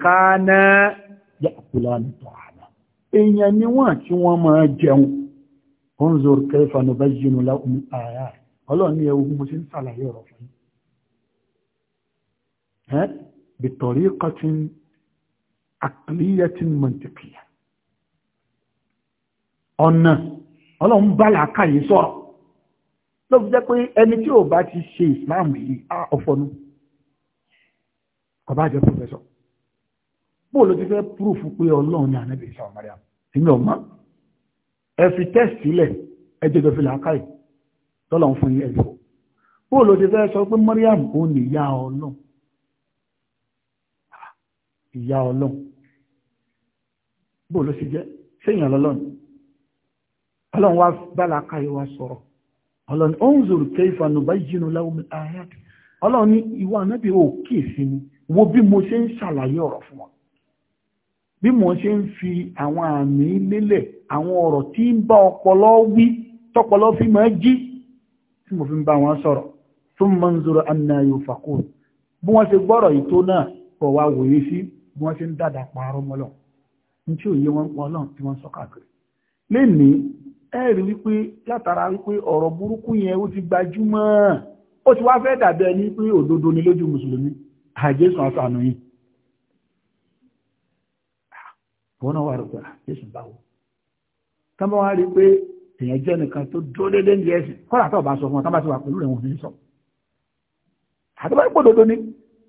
náà yà kúlá nìtọ̀ àná èèyàn ni wọ́n tí wọ́n máa jẹun onzor kẹfà ní bẹ́ẹ̀ jìnnú láwùm àyà ọlọ́run ní ẹwù mo ṣe ń بطريقة عقلية منطقية ọ̀nà ọlọ́run bá làákàyè sọ̀rọ̀ ló fi jẹ́ pé ẹni tí ò bá ti ṣe islam yìí á ọ̀fọ́nú kò bá jẹ́ pòfẹ́sọ̀ bó ló ti fẹ́ púrùfù pé ọlọ́run ní ànábì ìṣà ọ̀mọ́rí àmì ọ̀mọ́ ẹ fi test sílẹ̀ ẹ jẹjọ fi làákàyè tọ́lọ̀ fún ìyá ọlọ́run bó ló sì jẹ́ séèyàn lọ́lọ́run ọlọ́run wá bára káyọ̀ wá sọ̀rọ̀ ọlọ́run ó ń zòrò kẹ́ ìfànù bá jìnnà láwọn ààrẹ ọlọ́run ní ìwà anábì ò kíyèsí ni wo bí mo ṣe ń ṣàlàyé ọ̀rọ̀ fún wọn bí mo ṣe ń fi àwọn àmì lélẹ̀ àwọn ọ̀rọ̀ tí ń bá ọpọlọ wí tọpọlọ fi máa jí tí mo fi ń bá wọn sọ̀rọ̀ tó ń mọ́ ń zòrò anna yóò fàkó bí wọ́n ṣe gbọ́rọ̀ ìtó náà pọ̀ wá wòye sí bí wọ́n ṣe ń dàdà pààrọ̀ mọ́lọ̀ ní tí òye wọn ń pọ̀ ọlọ́run tí wọ́n sọ káàkiri lénìí ẹ̀rí wípé látara wípé ọ̀rọ̀ burúkú yẹn ó ti gbajúmọ̀ ó ti wá fẹ́ dàbí ẹni pé òdodo ni lójú mùsùlùmí àjẹsùn àṣàánú yìí wọn náà wà rò pé àjẹsùn báwo tán bá wá rí pé èèyàn jẹ́ nìkan tó dúró déédéé ní ẹ̀sìn kọ́lá tó bá sọ fún ọ tán bá wà pẹ̀lú rẹ̀ wọ́n ní sọ àtàwọn ìpòdodo ni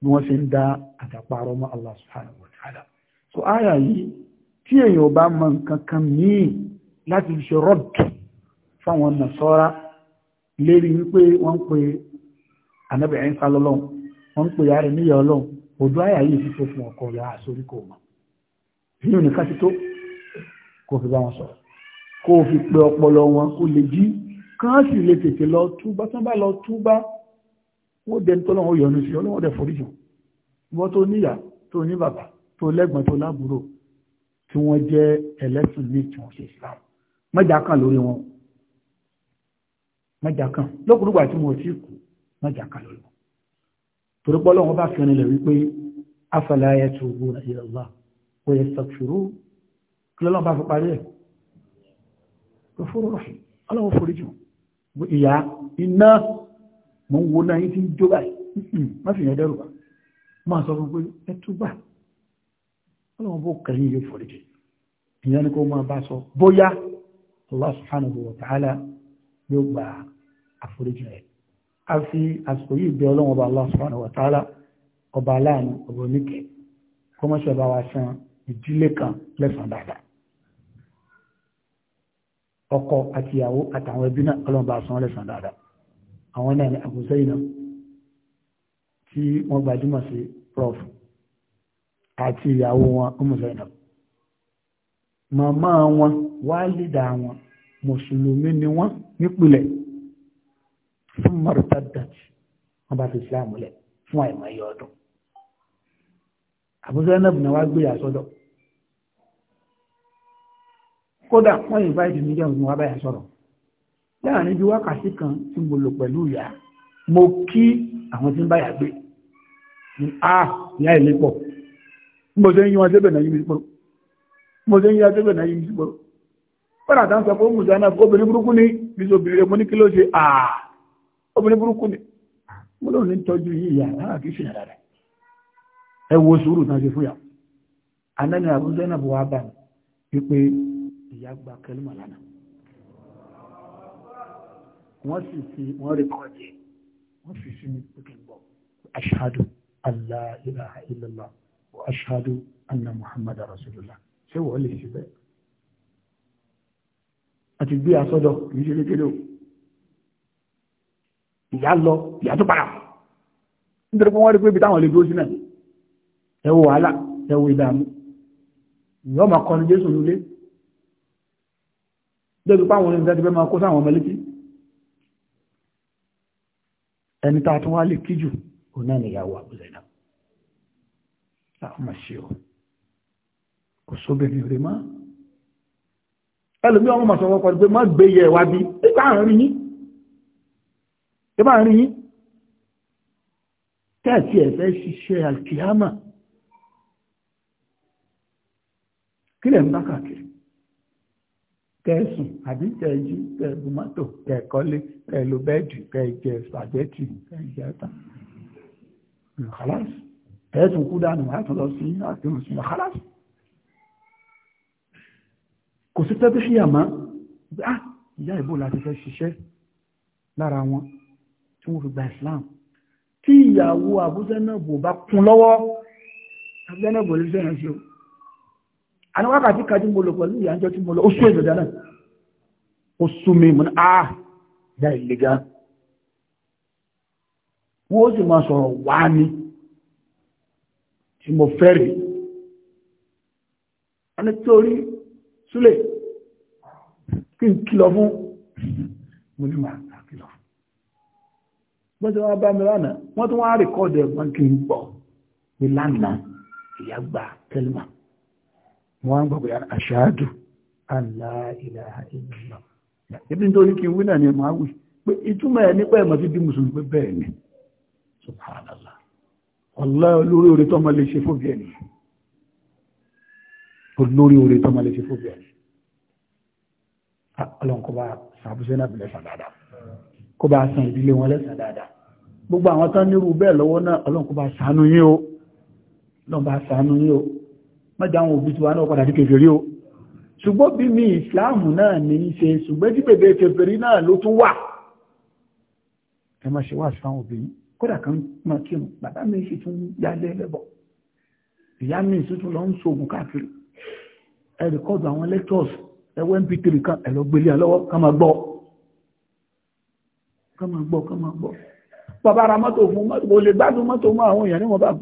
bí wọ́n ṣe ń dá àtàparọ́ mọ́ Allah subhanahu wa ta'ala so àyà yìí tí èèyàn bá mọ nǹkan kan míì láti ṣe rọ́ọ̀dù fáwọn nàṣọ́ra lérí wípé wọ́n ń pe Ànábì Ìsá lọ́lọ́run wọ́n ń pe ìyá rẹ̀ níyà ọlọ́run òdó àyà yìí fífò fún ọkọ̀ rẹ̀ àsorí kò mọ̀ nínú nìkan ti tó kò fi bá wọn sọ̀rọ̀ kó fi pe ọpọlọ wọn kó lè jí kán sì lè tètè lọ túbá tán bá lọ túbá wọ́n dẹni tó lọ́wọ́ yọnu sí ọlọ́wọ́ dẹ̀ foríjì wọ́n tó níyà tó ní bàbá tó lẹ́gbọ̀n tó lábúrò tí wọ́n jẹ́ ẹlẹ́sìn ní tí wọ́n ṣe Islam mẹ́jà kan lórí wọn mẹ́jà kan lọ́kùnrùgbà tí wọ́n ti kú mẹ́jà kan lórí wọn torí pé bá fi rinlẹ̀ wípé afala yatubuna ila Allah wa yastaghfirun kí lọ́lọ́wọ́ bá fi parí ẹ̀ kò fóró rọ̀ ọlọ́wọ́ foríjì ìyá iná mo ń wo náà yín tí ń jó báyìí má fi yẹn dẹ́rù bá máa sọ fún pé ẹ tú bá ọlọ́run bó kẹ́yìn yóò foríjì ìyẹn ni kó máa bá sọ bóyá Allah subhanahu wa ta'ala yóò gba àforíjì rẹ̀ a fi àsìkò yìí bẹ ọlọ́run ọba Allah subhanahu wa ọba aláàánú ọba oníkẹ́ kó má ṣe bá wa san ìdílé kan lẹ́sàn dáadáa ọkọ àtìyàwó àtàwọn ẹbí náà ọlọ́run bá san lẹ́sàn dáadáa àwọn náà ni Abu Zainab tí wọ́n gbajúmọ̀ sí prof àti ìyàwó wọn Umu Zainab màmá wọn wálìdà wọn mùsùlùmí ni wọ́n nípìlẹ̀ fún mọ̀rọ̀tà dàtí wọ́n bá fi Islam lẹ̀ fún àìmọ̀ ẹ̀yọ ọdún Abu Zainab náà wá gbé àsọdọ̀ kódà wọ́n yìí báyìí níjọ́ ìgbìmọ̀ wá báyà sọ̀rọ̀ láàrin bí wákàtí kan tí mo lò pẹ̀lú ìyá mo kí àwọn tí ń báyà gbé ní a ah, ìyá ilé pọ̀ mo ṣe ń yí wọn débẹ̀ náà yí mi sípòrò mo ṣe ń yí wọn débẹ̀ náà yí mi sípòrò pẹ́lá tá ń sọ pé ó mùsùlùmí náà obìnrin burúkú ni bí i obìnrin mo ní kí ló ṣe à ah, obìnrin burúkú ni mo lóun ní tọ́jú yí ìyá lára kì í ṣe yàrá ẹ wo sùúrù náà ṣe fún yà anẹ́ni àbúzẹ́ náà bà mí wípé ìyá gba kẹlùmọ̀ lánàá wọ́n sì fi wọ́n rékọ́dì wọ́n sì sí ní pé kí n bọ̀ ashhadu alla ilaha illallah wa ashhadu anna muhammadu rasulullah ṣé wọ́n lè ṣe bẹ́ẹ̀ àti gbé asọ́dọ̀ kìí ṣe kékeré o ìyá lọ ìyá tó padà nítorí pé wọ́n rí pé ibi táwọn lè dúró sí náà ẹ wo wàhálà ẹ wo ìdààmú ìyá ọmọ akọni jésù nílé débi páwọn oníṣẹ́ ti fẹ́ máa kó sáwọn ọmọ létí ẹni tá a tún wá lè kí jù òun náà nìyàwó àbúzẹ̀dá láàmà ṣe ọ kò sóbìnrin rẹ mọ́ ẹlòmí ọmọ màṣọ wọ́pọ̀ pé má gbé yẹ wá bí ibà ń rí yín ibà ń tẹ́ẹ̀tì ẹ̀fẹ́ ṣiṣẹ́ alkiyama kí lẹ̀ tẹ̀sùn àbí tẹ̀jú tẹ̀bù mọ́tò tẹ̀kọ́lé tẹ̀lò bẹ́ẹ̀dì tẹ̀jẹ̀ spaghetti tẹ̀jẹ̀ ẹ̀ta kàlásì tẹ̀sùn kú dànù láti lọ sí àtìrùn sí kàlásì kò sí tẹ́bí sí àmá ah ìyá ìbò láti fẹ́ ṣiṣẹ́ lára wọn tí wọ́n fi gba Islam tí ìyàwó àbúzẹ́nàbò bá kún lọ́wọ́ àbúzẹ́nàbò lè fẹ́ràn sí o àní wákàtí kájú mo lò pẹ̀lú ìyànjọ́ tí mo lọ ó èdè dáná ó sún mú ah ìyá ìlé gan wọ́n ó sì máa sọ̀rọ̀ wá ní tí mo fẹ́ rèé ẹni torí súlẹ̀ kí n kìlọ̀ fún mo ní máa ta kí n wọ́n gbọ́gbẹ̀ aṣáájú aláìláha ìlànà ibi nítorí kí wínà ni ma wí pé ìtumọ̀ ẹ̀ nípa ẹ̀mọ̀ sí bí mùsùlùmí pé bẹ́ẹ̀ ni subhanallah Allah olórí orí tọ́mọ lè ṣe fóbi ẹni olórí orí tọ́mọ lè ṣe fóbi ẹni ah, ọlọ́nkọba sàbúṣẹ́ náà bìlẹ̀ sàn dáadáa kó bá san gbogbo àwọn tán nírú bẹ́ẹ̀ lọ́wọ́ náà ọlọ́nkọba sànú yín o ọlọ́nkọba sànú yín o mọ́jà àwọn òbí tiwa náà padà sí kèfèrí o ṣùgbọ́n bí mi ìsìláàmù náà ní í ṣe ṣùgbọ́n tí bèbè kèfèrí náà ló tún wà ẹ máa ṣe wá sí fáwọn òbí kódà kan máa kírun bàbá mi sì tún yálé lẹ́bọ̀ ìyá mi sì tún lọ ń ṣoògùn káàkiri ẹ rìkọ́dù àwọn lectures ẹwẹ́ mp3 kan ẹ gbélé alọ́wọ́ ká máa gbọ́ ká máa gbọ́ ká máa gbọ́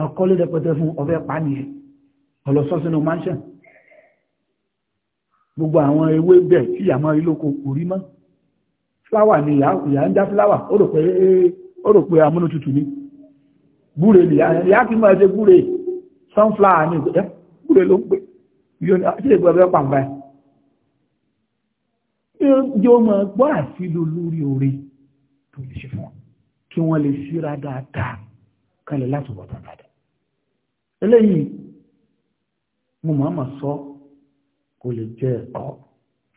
ọkọ́ ló rẹpẹtẹ fún ọfẹ́ pàníyàn ọlọ́sọ́sínú mansion gbogbo àwọn ewé bẹ̀ tí ìyàmọ́ ilóko kò rí mọ́ fláwà ni ìyà ń dá fláwà ó rò pé amúnútutù ní gúre ni ìyá kí mọ́ ẹsẹ gúre sunflower ní ìgbẹ́ gúre ló ń pè ah, ṣe ìgbẹ́ ọfẹ́ pàmbá ẹ̀ yóò mọ̀ gbọ́ àfilò lórí oore tó lè ṣe fún kí wọ́n lè síra dáadáa kalẹ̀ láti wọ̀ tàbí eléyìí mo mọ̀ọ́mọ̀ sọ kò lè jẹ́ ẹ̀kọ́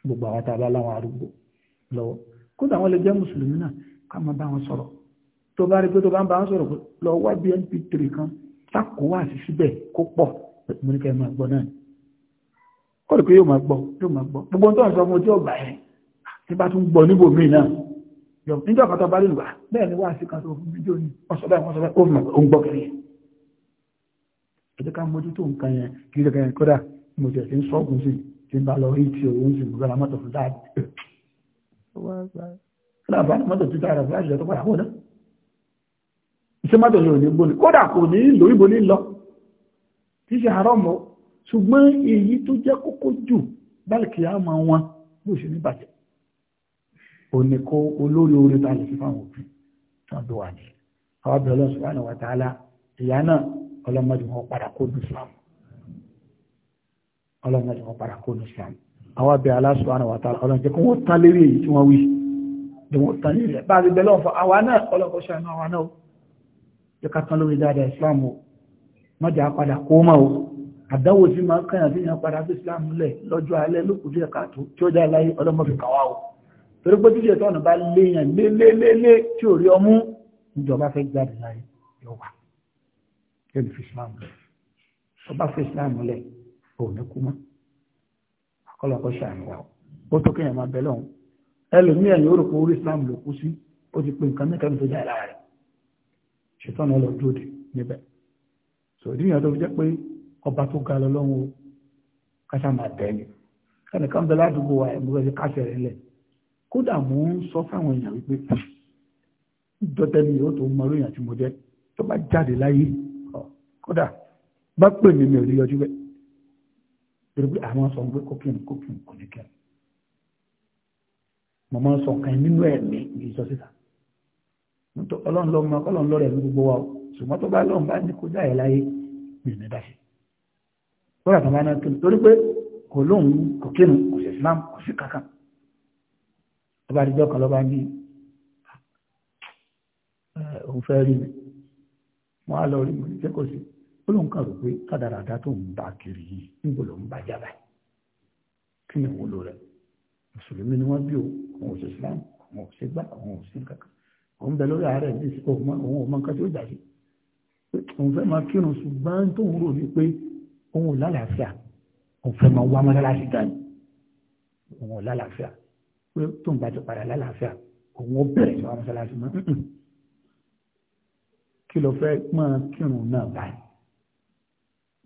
gbogbo àwọn tàbá láwọn arúgbó lọ́wọ́ kódà wọ́n lè jẹ́ mùsùlùmí náà ká máa bá wọn sọ̀rọ̀ tó bá rí pé tó bá ń bá wọn sọ̀rọ̀ lọ wá bí mp3 kan tako wá sí síbẹ̀ kó pọ̀ mo ní kẹ́ máa gbọ́ náà kọ́ pé yóò máa gbọ́ yóò máa gbọ́ gbogbo tó ń sọ mo tí ó gbà tí bá tún gbọ́ níbò míì náà níjọ́ kan tó bá rí lùgbà ah, bẹ́ẹ̀ ni wá sí kan tó fún fídíò ní ọ̀sọ̀dá ìwọ̀n sọ̀rọ̀ ó ẹjọ́ ká mójútó nǹkan yẹn kí lè kẹrin kódà mo jẹ̀ sí ń sọ́gun sí ti ń bá lọ rí ti òun sì mo gbára mọ́tò fún dáadé láàbá mọ́tò títà rẹ̀ fún àṣìṣẹ́ tó padà wọ́n náà iṣẹ́ mọ́tò ní òní gbóni kódà kò ní lò ìbò ní lọ tí ṣe àárọ̀ mọ́ ṣùgbọ́n èyí tó jẹ́ kókó jù báàlìkì àmọ́ wọn bó ṣe ní bàjẹ́ òní kó olórí orí ta lè fi fáwọn òfin tán tó wà ní àwọn bẹ̀rẹ̀ lọ́sùn ọlọ́mọdé wọn padà kó ní islam ọlọ́mọdé wọn padà kó ní islam àwọn abẹ́ Allah subhanahu wa ta'ala ọlọ́mọdé kó wọ́n tán lérí èyí tí wọ́n wí ni wọ́n tán lérí bá ti bẹ̀lọ́ fún àwa náà ọlọ́kọ̀ ṣàánú àwa náà yóò ká tán lórí islam o mọ́jà padà kó mọ́ o àdánwò tí máa ń kàyàn sí yàn padà sí islam lẹ̀ lọ́jọ́ alẹ́ lókùn sí ẹ̀ka tó tí ó dá láyé ọlọ́mọdé kàwá ìjọba fẹ́ jáde láyé yóò yóò fi islam lẹ̀ tó bá fi islam lẹ̀ òun ní kú mọ́ akọ́lọ́kọ́ ṣàmìwá ó tó kéèyàn máa bẹ lọ́hùn ẹlòmíì ẹ̀yìn ó rò pé orí islam ló kú sí ó ti pé nǹkan mẹ́ta tó jáde láàrin ṣètọ́nà ọlọ́dúnrún níbẹ̀ sòdí ìyàn fi jẹ́ pé ọba tó ga lọ lọ́wọ́ kásá máa tẹ̀lé kẹ́nìkan bẹ ládùúgbò wa ẹ̀mú ẹ̀rí kásẹ̀ rẹ̀ lẹ̀ kódà mò ń sọ fáwọn èèyàn wípé dọ́tẹ́lì yóò tó mọ orí èèyàn mo jẹ́ tó bá jáde láyé kódà bá pè mí mi ò lè yọjú bẹ́ẹ̀ torí pé àwọn sọ pé kókìrì kókìrì kò ní kẹrin mo máa ń sọ kan nínú ẹ̀mí ní sọ síta nítorí ọlọ́run lọ mọ ọlọ́run lọ́rẹ̀ ní gbogbo wa ṣùgbọ́n tó bá lọ́run bá ní kó dáyẹ láyé mi ò ní dáṣe kódà tó bá náà kí torí pé kò lóhun kò kírun kò sí Islam kò sí kankan tó bá dídọ́ kan lọ́ba ní ah, eh, òun fẹ́ rí mi wọ́n á lọ rí mi jẹ́ kò ó lóun kà rò pé kádàràdà tó ń bá kiri yìí níbo ló ń bá jábà kí ni ìwúlò rẹ̀ mùsùlùmí ni wọ́n bí òun ò sí islam òun ò sí gbá òun ò sí kankan òun bẹ lórí ààrẹ ní òun ò mọ nǹkan tí ó jà sí òun fẹ́ máa kírun ṣùgbọ́n tó ń rò ní pé òun ò lálàáfíà òun fẹ́ máa wá mọ́sálásí dání òun ò lálàáfíà pé tó ń bá ti padà lálàáfíà òun ò bẹ̀rẹ̀ sí wá mọ́sálásí mọ́ kí ló fẹ́ máa kírun náà báyìí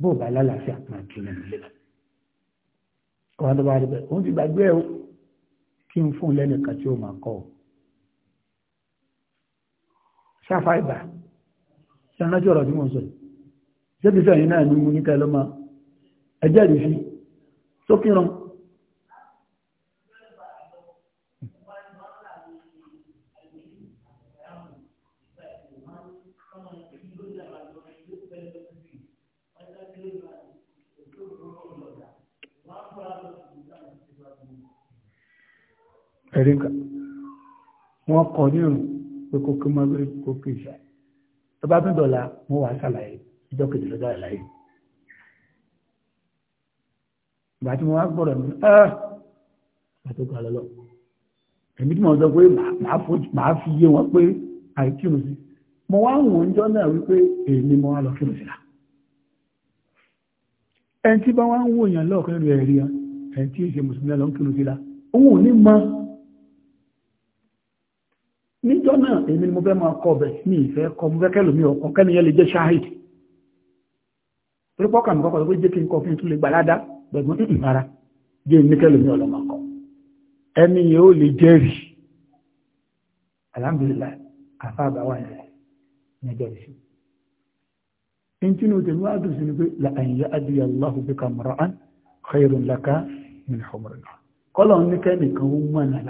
bó o bá lálàáfíà máa kí lẹ́nu lé lọ. ọ̀rọ̀ tó bá rí bẹ́ẹ̀ òun ti gbàgbé ẹ̀ o kí n fún lẹ́nìkan tí ó máa kọ́ ọ. ṣáfà ìgbà ṣe rántí ọ̀rọ̀ tí mo sọ yìí ṣé kí sọ̀yìn náà ni mo ní kẹ́ máa ẹjẹ́ rí sí sókè rán ẹ̀rí wọ́n kọ ní ìrùn pé kó kí mọ́gbẹ́rẹ́ kó kí ìṣá tó bá tún dọ̀la mo wà ṣàlàyé ìjọ kejì lọ́jọ́ àlàyé ìgbà tí mo wá gbọ́dọ̀ mi ẹ́ àti ọkọ̀ àlọ́lọ́ èmi tí mo sọ pé màá fi yé wọn pé àìkírun sí mo wá ń wọ́n jọ́ náà wípé èmi mo wá lọ kírun sí ẹni tí bá wá ń wòyàn lọ́ọ̀kẹ́rù ẹ̀rí ẹni tí ìṣe mùsùlùmí lọ kírun sí òun ò ní mọ́ níjọ́ náà èmi ni mo fẹ́ máa kọ bẹ̀ ní ìfẹ́ kọ mo fẹ́ kẹ́lù mi ọkọ̀ kẹ́niyàn lè jẹ́ ṣáhìd torí pọ́kà mi kọ́kọ́ pé jẹ́ kí n kọ fún ìtúlẹ̀ gbalada gbẹ̀gbọ́n tí ìmara jẹ́ ní kẹ́lù mi ọlọ́mọ ẹni yẹn ó lè jẹ́rìí alhamdulillah àfa àbáwá yẹn ní ẹjọ́ ní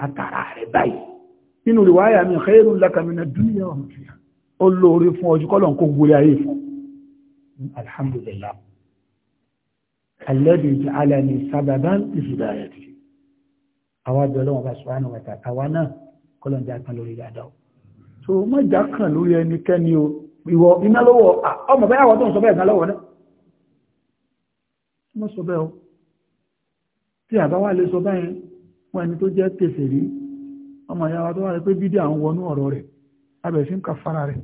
kẹ́nìkan ó nínú riwaya mi khairun laka mina dunya wa mafiha ó lóore fún ọjọ́ kọ́lọ̀ kó gúrí ayé fún alhamdulillah alladhi ja'alani sababan fi hidayati àwọn abẹ́rẹ́ wọn bá subhanahu wa ta'ala àwa náà kọ́lọ̀ ń jákan lórí dáadáa o so má jákan lórí ẹnikẹ́ni o ìwọ iná tí àbáwá lè sọ báyẹn wọn ẹni tó jẹ́ kèfèrí ọmọ ìyá wa tó wà rẹ pé bídíà ń wọnú ọ̀rọ̀ rẹ̀ abẹ̀ sí ń ka fara rẹ̀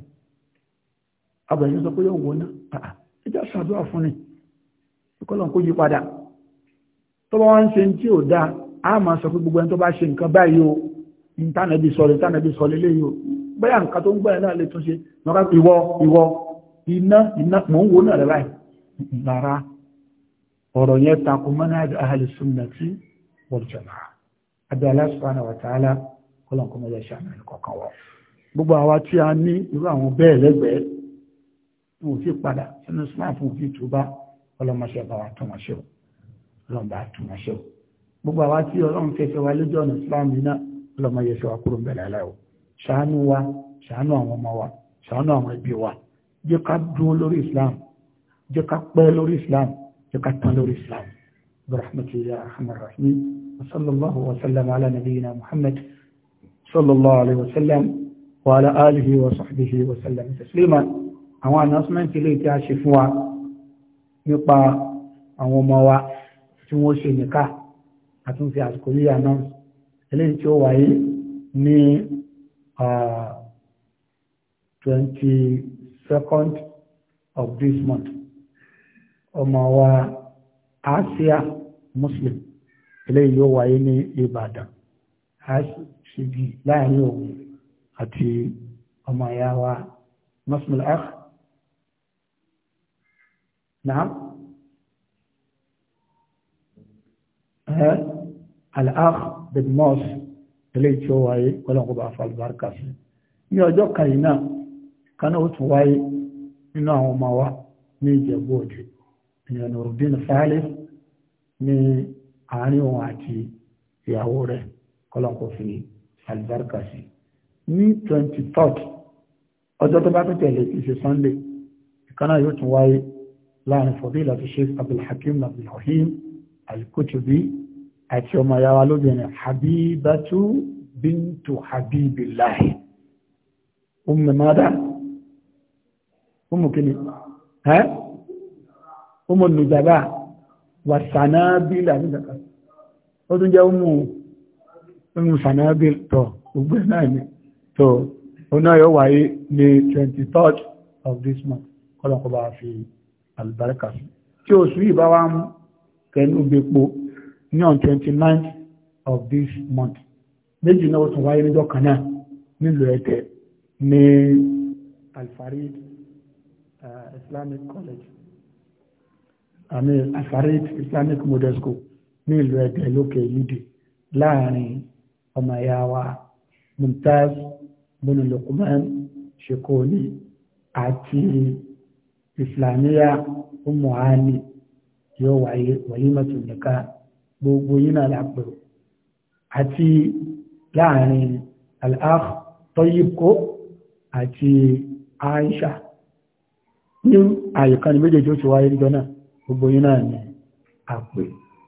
abẹ̀ sí sọ pé yóò wọná ẹjọ́ ṣàdúrà fún ni ìkọlọ̀ kó yí padà tó bá wá ń ṣe tí ò dáa a máa sọ pé gbogbo ẹni tó bá ṣe nǹkan báyìí o ìtànàbí sọ̀rọ̀ ìtànàbí sọ̀rọ̀ eléyìí o bẹ́yà nǹkan tó ń gbọ́ ẹ̀ náà lè tún ṣe lọ́pàá ìwọ ìwọ iná iná mò ń wo náà rẹ̀ báyìí lára ọ̀rọ̀ yẹn takò mọ́nà ahli sunnati wal jamaa àbí Allah subhanahu wa ta'ala kọ́lọ̀n kọ́ mọ́jẹ́ ṣàmì kọ̀ọ̀kan wọ́n gbogbo àwa tí a ní irú àwọn bẹ́ẹ̀ lẹ́gbẹ̀ẹ́ wọn ò sí padà sínú smartphone fún òfin túbá ọlọ́mọṣẹ́ bá wa tún wọn ṣe o ọlọ́run bá tún wọn ṣe o gbogbo àwa tí ọlọ́run fẹsẹ̀ wa lójú ọ̀nà Islam iná ọlọ́mọ yẹ ṣe wa kúrò ńbẹ̀rẹ̀ aláwọ̀ ṣàánú wa ṣàánú àwọn ọmọ wa ṣàánú àwọn ẹbí wa jẹ́ ká dúró lórí Islam jẹ́ ká pẹ́ lórí Islam jẹ́ ká tán lórí Islam برحمتك يا أرحم الراحمين وصلى الله وسلم على نبينا محمد صلى الله عليه وسلم وعلى آله وصحبه وسلم تسليما àwọn announcement ilé tí a ṣe fún wa nípa àwọn ọmọ wa tí wọ́n ṣe nìka àtúnṣe àsìkò yíya náà eléyìí tí ó wáyé ní 22nd of this month ọmọ wa Asia Muslim eléyìí yóò wáyé ní Ìbàdàn síbi láàrin òun àti ọmọ ìyá wa muslim akh naam ẹ al-akh bin mos eléyìí tí ó wáyé kọlọ́nkọ́ bá fa alùbáríkà sí ní ọjọ́ kàyí náà kaná ó tún wáyé nínú àwọn ọmọ wa ní ìjẹ̀bú òde ìyẹn nùrùdín fáálẹ́ ní àárín òun àti ìyàwó rẹ̀ kọlọ́nkọ́ fi ní àlùbáríkà sí ní twenty third ọjọ́ tó bá tún tẹ̀lé ìṣe sunday ìkan náà yóò tún wáyé láàrin fọ̀dílà ti sheikh abdulhakeem abdulrahim alikutubi àti ọmọ yàrá lóbìnrin habibatu bintu habibillahi umu mada umu kini ẹ́ umu nujaba wa sanabila nígbàkan ó tún jẹ́ umu ohun sànábì tọ̀ gbogbo náà ni tó oná yóò wáyé ní 23rd of this month kọ́lọ̀kọ́bà fi àlùbáríkà sí tí oṣù yìí bá wá mú kẹnu gbèpo ní on 29th of this month méjì náà tún wáyé níjọ́ kan náà nílùú ẹ̀tẹ̀ ní alfarid uh, islamic college àmì alfarid islamic model school ní ìlú ẹ̀tẹ̀ lókè yìí láàrin ọmọ ìyá wa Mumtaz bùnú Luqman Shekoni àti Islamiyya Ummu Hani yóò wáyé wàlímọ̀tò nìkan gbogbo yìí náà lápẹ̀rọ àti láàrin al-akh Tayyib kó àti Aisha ní àyíká ní méjèèjì ó ti wáyé níjọ náà gbogbo yìí náà ní àpè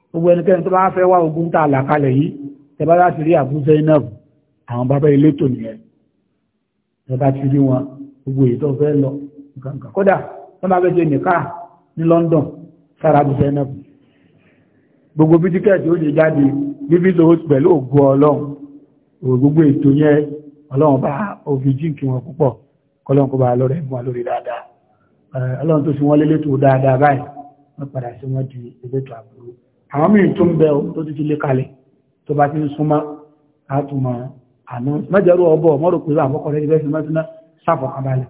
gbogbo ẹnikẹ́ni tó bá fẹ́ wá ogun tá kalẹ̀ yìí tẹ́bá láti rí Abu Zainab àwọn bàbá elétò nìyẹn tẹ́bá ti rí wọn gbogbo èyí tó fẹ́ lọ nǹkan kódà wọ́n bá fẹ́ ṣe nìka ní London sára Abu Zainab gbogbo bítíkẹ́ẹ̀tì ó lè jáde bíbí lówó pẹ̀lú ògo ọlọ́run gbogbo ètò yẹn ọlọ́run bá òfin jíǹkì wọn púpọ̀ kọlọ́run kó bá lọ́rẹ̀ mú wa lórí dáadáa ọlọ́run tó sí wọ́n lélétò dáadáa báyìí wọ́n padà sí wọ́n di elétò àbúrú àwọn mìíràn tó ń bẹ tó ti ti lé kalẹ̀ tó bá ti ń súnmọ́ àtùmọ̀ àná mẹ́jọrú ọbọ̀ mọ́rò pẹ̀lú àfọ́kọ̀rẹ́ ìbẹ́sì mẹ́túná sáfọ̀kabalẹ̀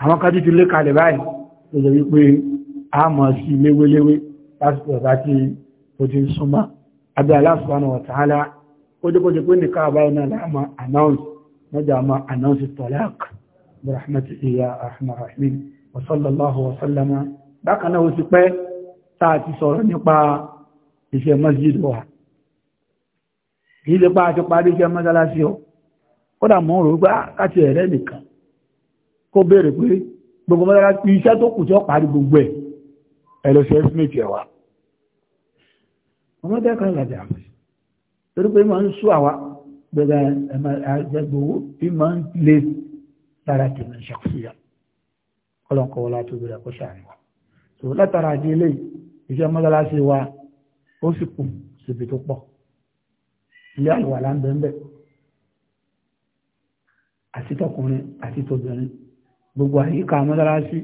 àwọn kájú ti lé kalẹ̀ báyìí tó lè wípé a mọ̀ sí léwéléwé lásìkò ọ̀tá tí ó ti ń súnmọ́ abẹ́ Allah subhanahu wa ta'ala ó dé kójú pé nìkan àbáyé náà láàmà announce mẹ́jọ àmà announce talaq rahmatullahi ya rahman rahim wa ó ti pẹ́ tá ti sọ̀rọ̀ nípa ìṣe masjid wa kìí ṣe pa àti parí iṣẹ́ mọ́sálásí ọ kódà mọ́ rò pé ah, káti ẹ̀rẹ́ nìkan kó béèrè pé gbogbo mọ́sálásí iṣẹ́ tó kù tí ó parí gbogbo ẹ̀ ẹ̀lọ́sẹ̀ ẹ́sìmẹ̀tì ẹ̀wà ọmọdé kan ìlàjà torí pé máa ń sú àwa gbẹ̀gbẹ̀ àjẹgbòwó tí máa ń lé lára tèmi ṣàkóṣìyà kọlọ́nkọ́ wọlá tó bẹ̀rẹ̀ kó ó sì kù síbi tó pọ̀ ilé àlùwàlá ń bẹ́ẹ̀ bẹ́ẹ̀ àti tọkùnrin àti tobìnrin gbogbo àyíká mọ́sálásí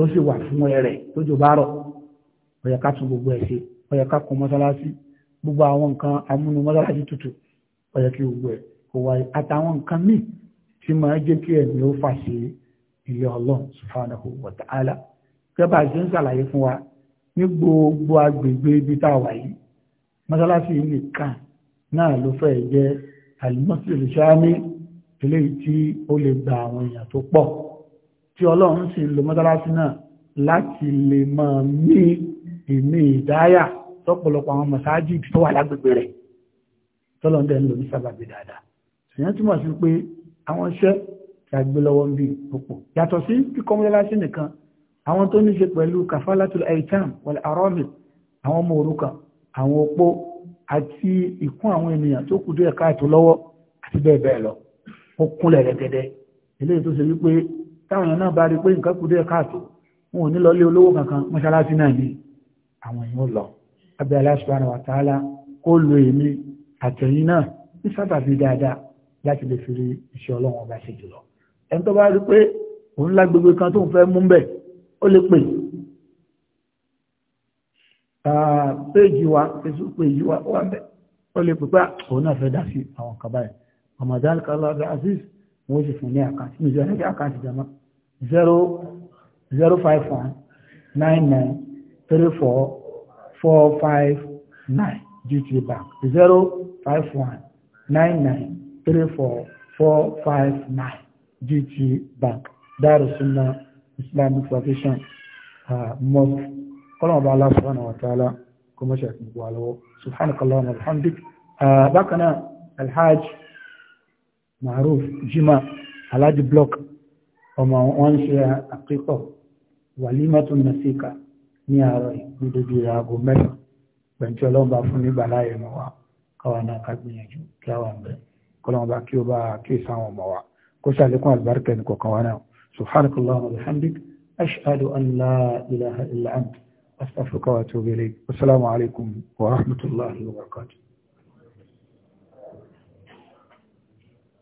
ó sì wà fún ẹrẹ̀ lójò bá rọ̀ ó yẹ ká tún gbogbo ẹ̀ ṣe ó yẹ ká kún mọ́sálásí gbogbo àwọn nǹkan amúnú mọ́sálásí tutù ó yẹ kí gbogbo ẹ̀ kó wáyé àtàwọn nǹkan míì tí máa jẹ́ kí ẹ̀mí ó fà sí ilé ọlọ́run subhanahu wa ta'ala gẹ́gẹ́ bá a ṣe ń ṣàlàyé fún wa ní gbogbo agbègbè ibi tá a wà yìí mọ́sálásí nìkan náà ló fẹ́ jẹ́ alimọ́sílẹ̀ sáámi eléyìí tí ó lè gba àwọn èèyàn tó pọ̀ tí ọlọ́run sì lo mọ́sálásí náà láti lè máa mí ìmí ìdáyà lọ́pọ̀lọpọ̀ àwọn mọ̀sáájì tó wà lágbègbè rẹ̀ tọ́lọ́ndẹ̀ ń lò ní sábàbí dáadáa ṣèyàn túmọ̀ sí pé àwọn iṣẹ́ tí a lọ́wọ́ bí òpó yàtọ̀ sí kíkọ́ mọ́sálásí nìkan àwọn tó ní ṣe pẹ̀lú kàfálátùl aitam wal arọ́mì àwọn ọmọ òrukàn àwọn opó àti ìkún àwọn ènìyàn tó kù díẹ̀ káàtó lọ́wọ́ àti bẹ́ẹ̀ bẹ́ẹ̀ lọ ó kúnlẹ̀ rẹ̀gẹ̀dẹ̀ eléyìí tó ṣe wípé táwọn èèyàn náà bá rí pé nǹkan kù díẹ̀ káàtó wọn ò ní lọlé olówó kankan mọ́ṣáláṣí náà ni àwọn èèyàn lọ abẹ́ Allah subhanahu wa ta'ala kó lo èmi àtẹ̀yìn náà ní sábàbí dáadáa láti lè fi rí iṣẹ́ ọlọ́run ọba ṣe jùlọ ẹni tó bá rí pé òun lágbègbè kan tó ń fẹ́ mú bẹ́ẹ̀ ó lè pè Ah, péjì wa facebook péjì wa wà bẹ́ẹ̀ ó lè pè pé ah, òun náà fẹ́ dá sí àwọn kaba yẹn Ramadan kalabi aziz wọ́n sì fún ní àkáǹtì mi ìjọba ní àkáǹtì jama zero zero five one nine nine three four four five nine GT bank zero five one nine nine three four four five nine GT bank Darussunnah Islamic Foundation uh, mosque kọ́lọ́mọba Allah subhanahu wa ta'ala kó mọ́ṣẹ́ àti gbogbo àlọ́wọ́ subhanakallahumma wa bihamdik bákan náà alhaj maruf jima alhaji block ọmọ wọn ṣe àkíkọ̀ wàlímọ́tún nasíkà ní àárọ̀ ìdíje aago mẹ́ta pẹ̀ntí ọlọ́mọba fún nígbà láàyè mọ́ wa káwa náà ká gbìyànjú kí á wà ń bẹ̀ kọ́lọ́mọba kí ó bá kí sáwọn ọmọ wa kó sàlékún àlùbáríkà ní kọ̀ọ̀kan wa أستغفرك وأتوب إليك والسلام عليكم ورحمة الله وبركاته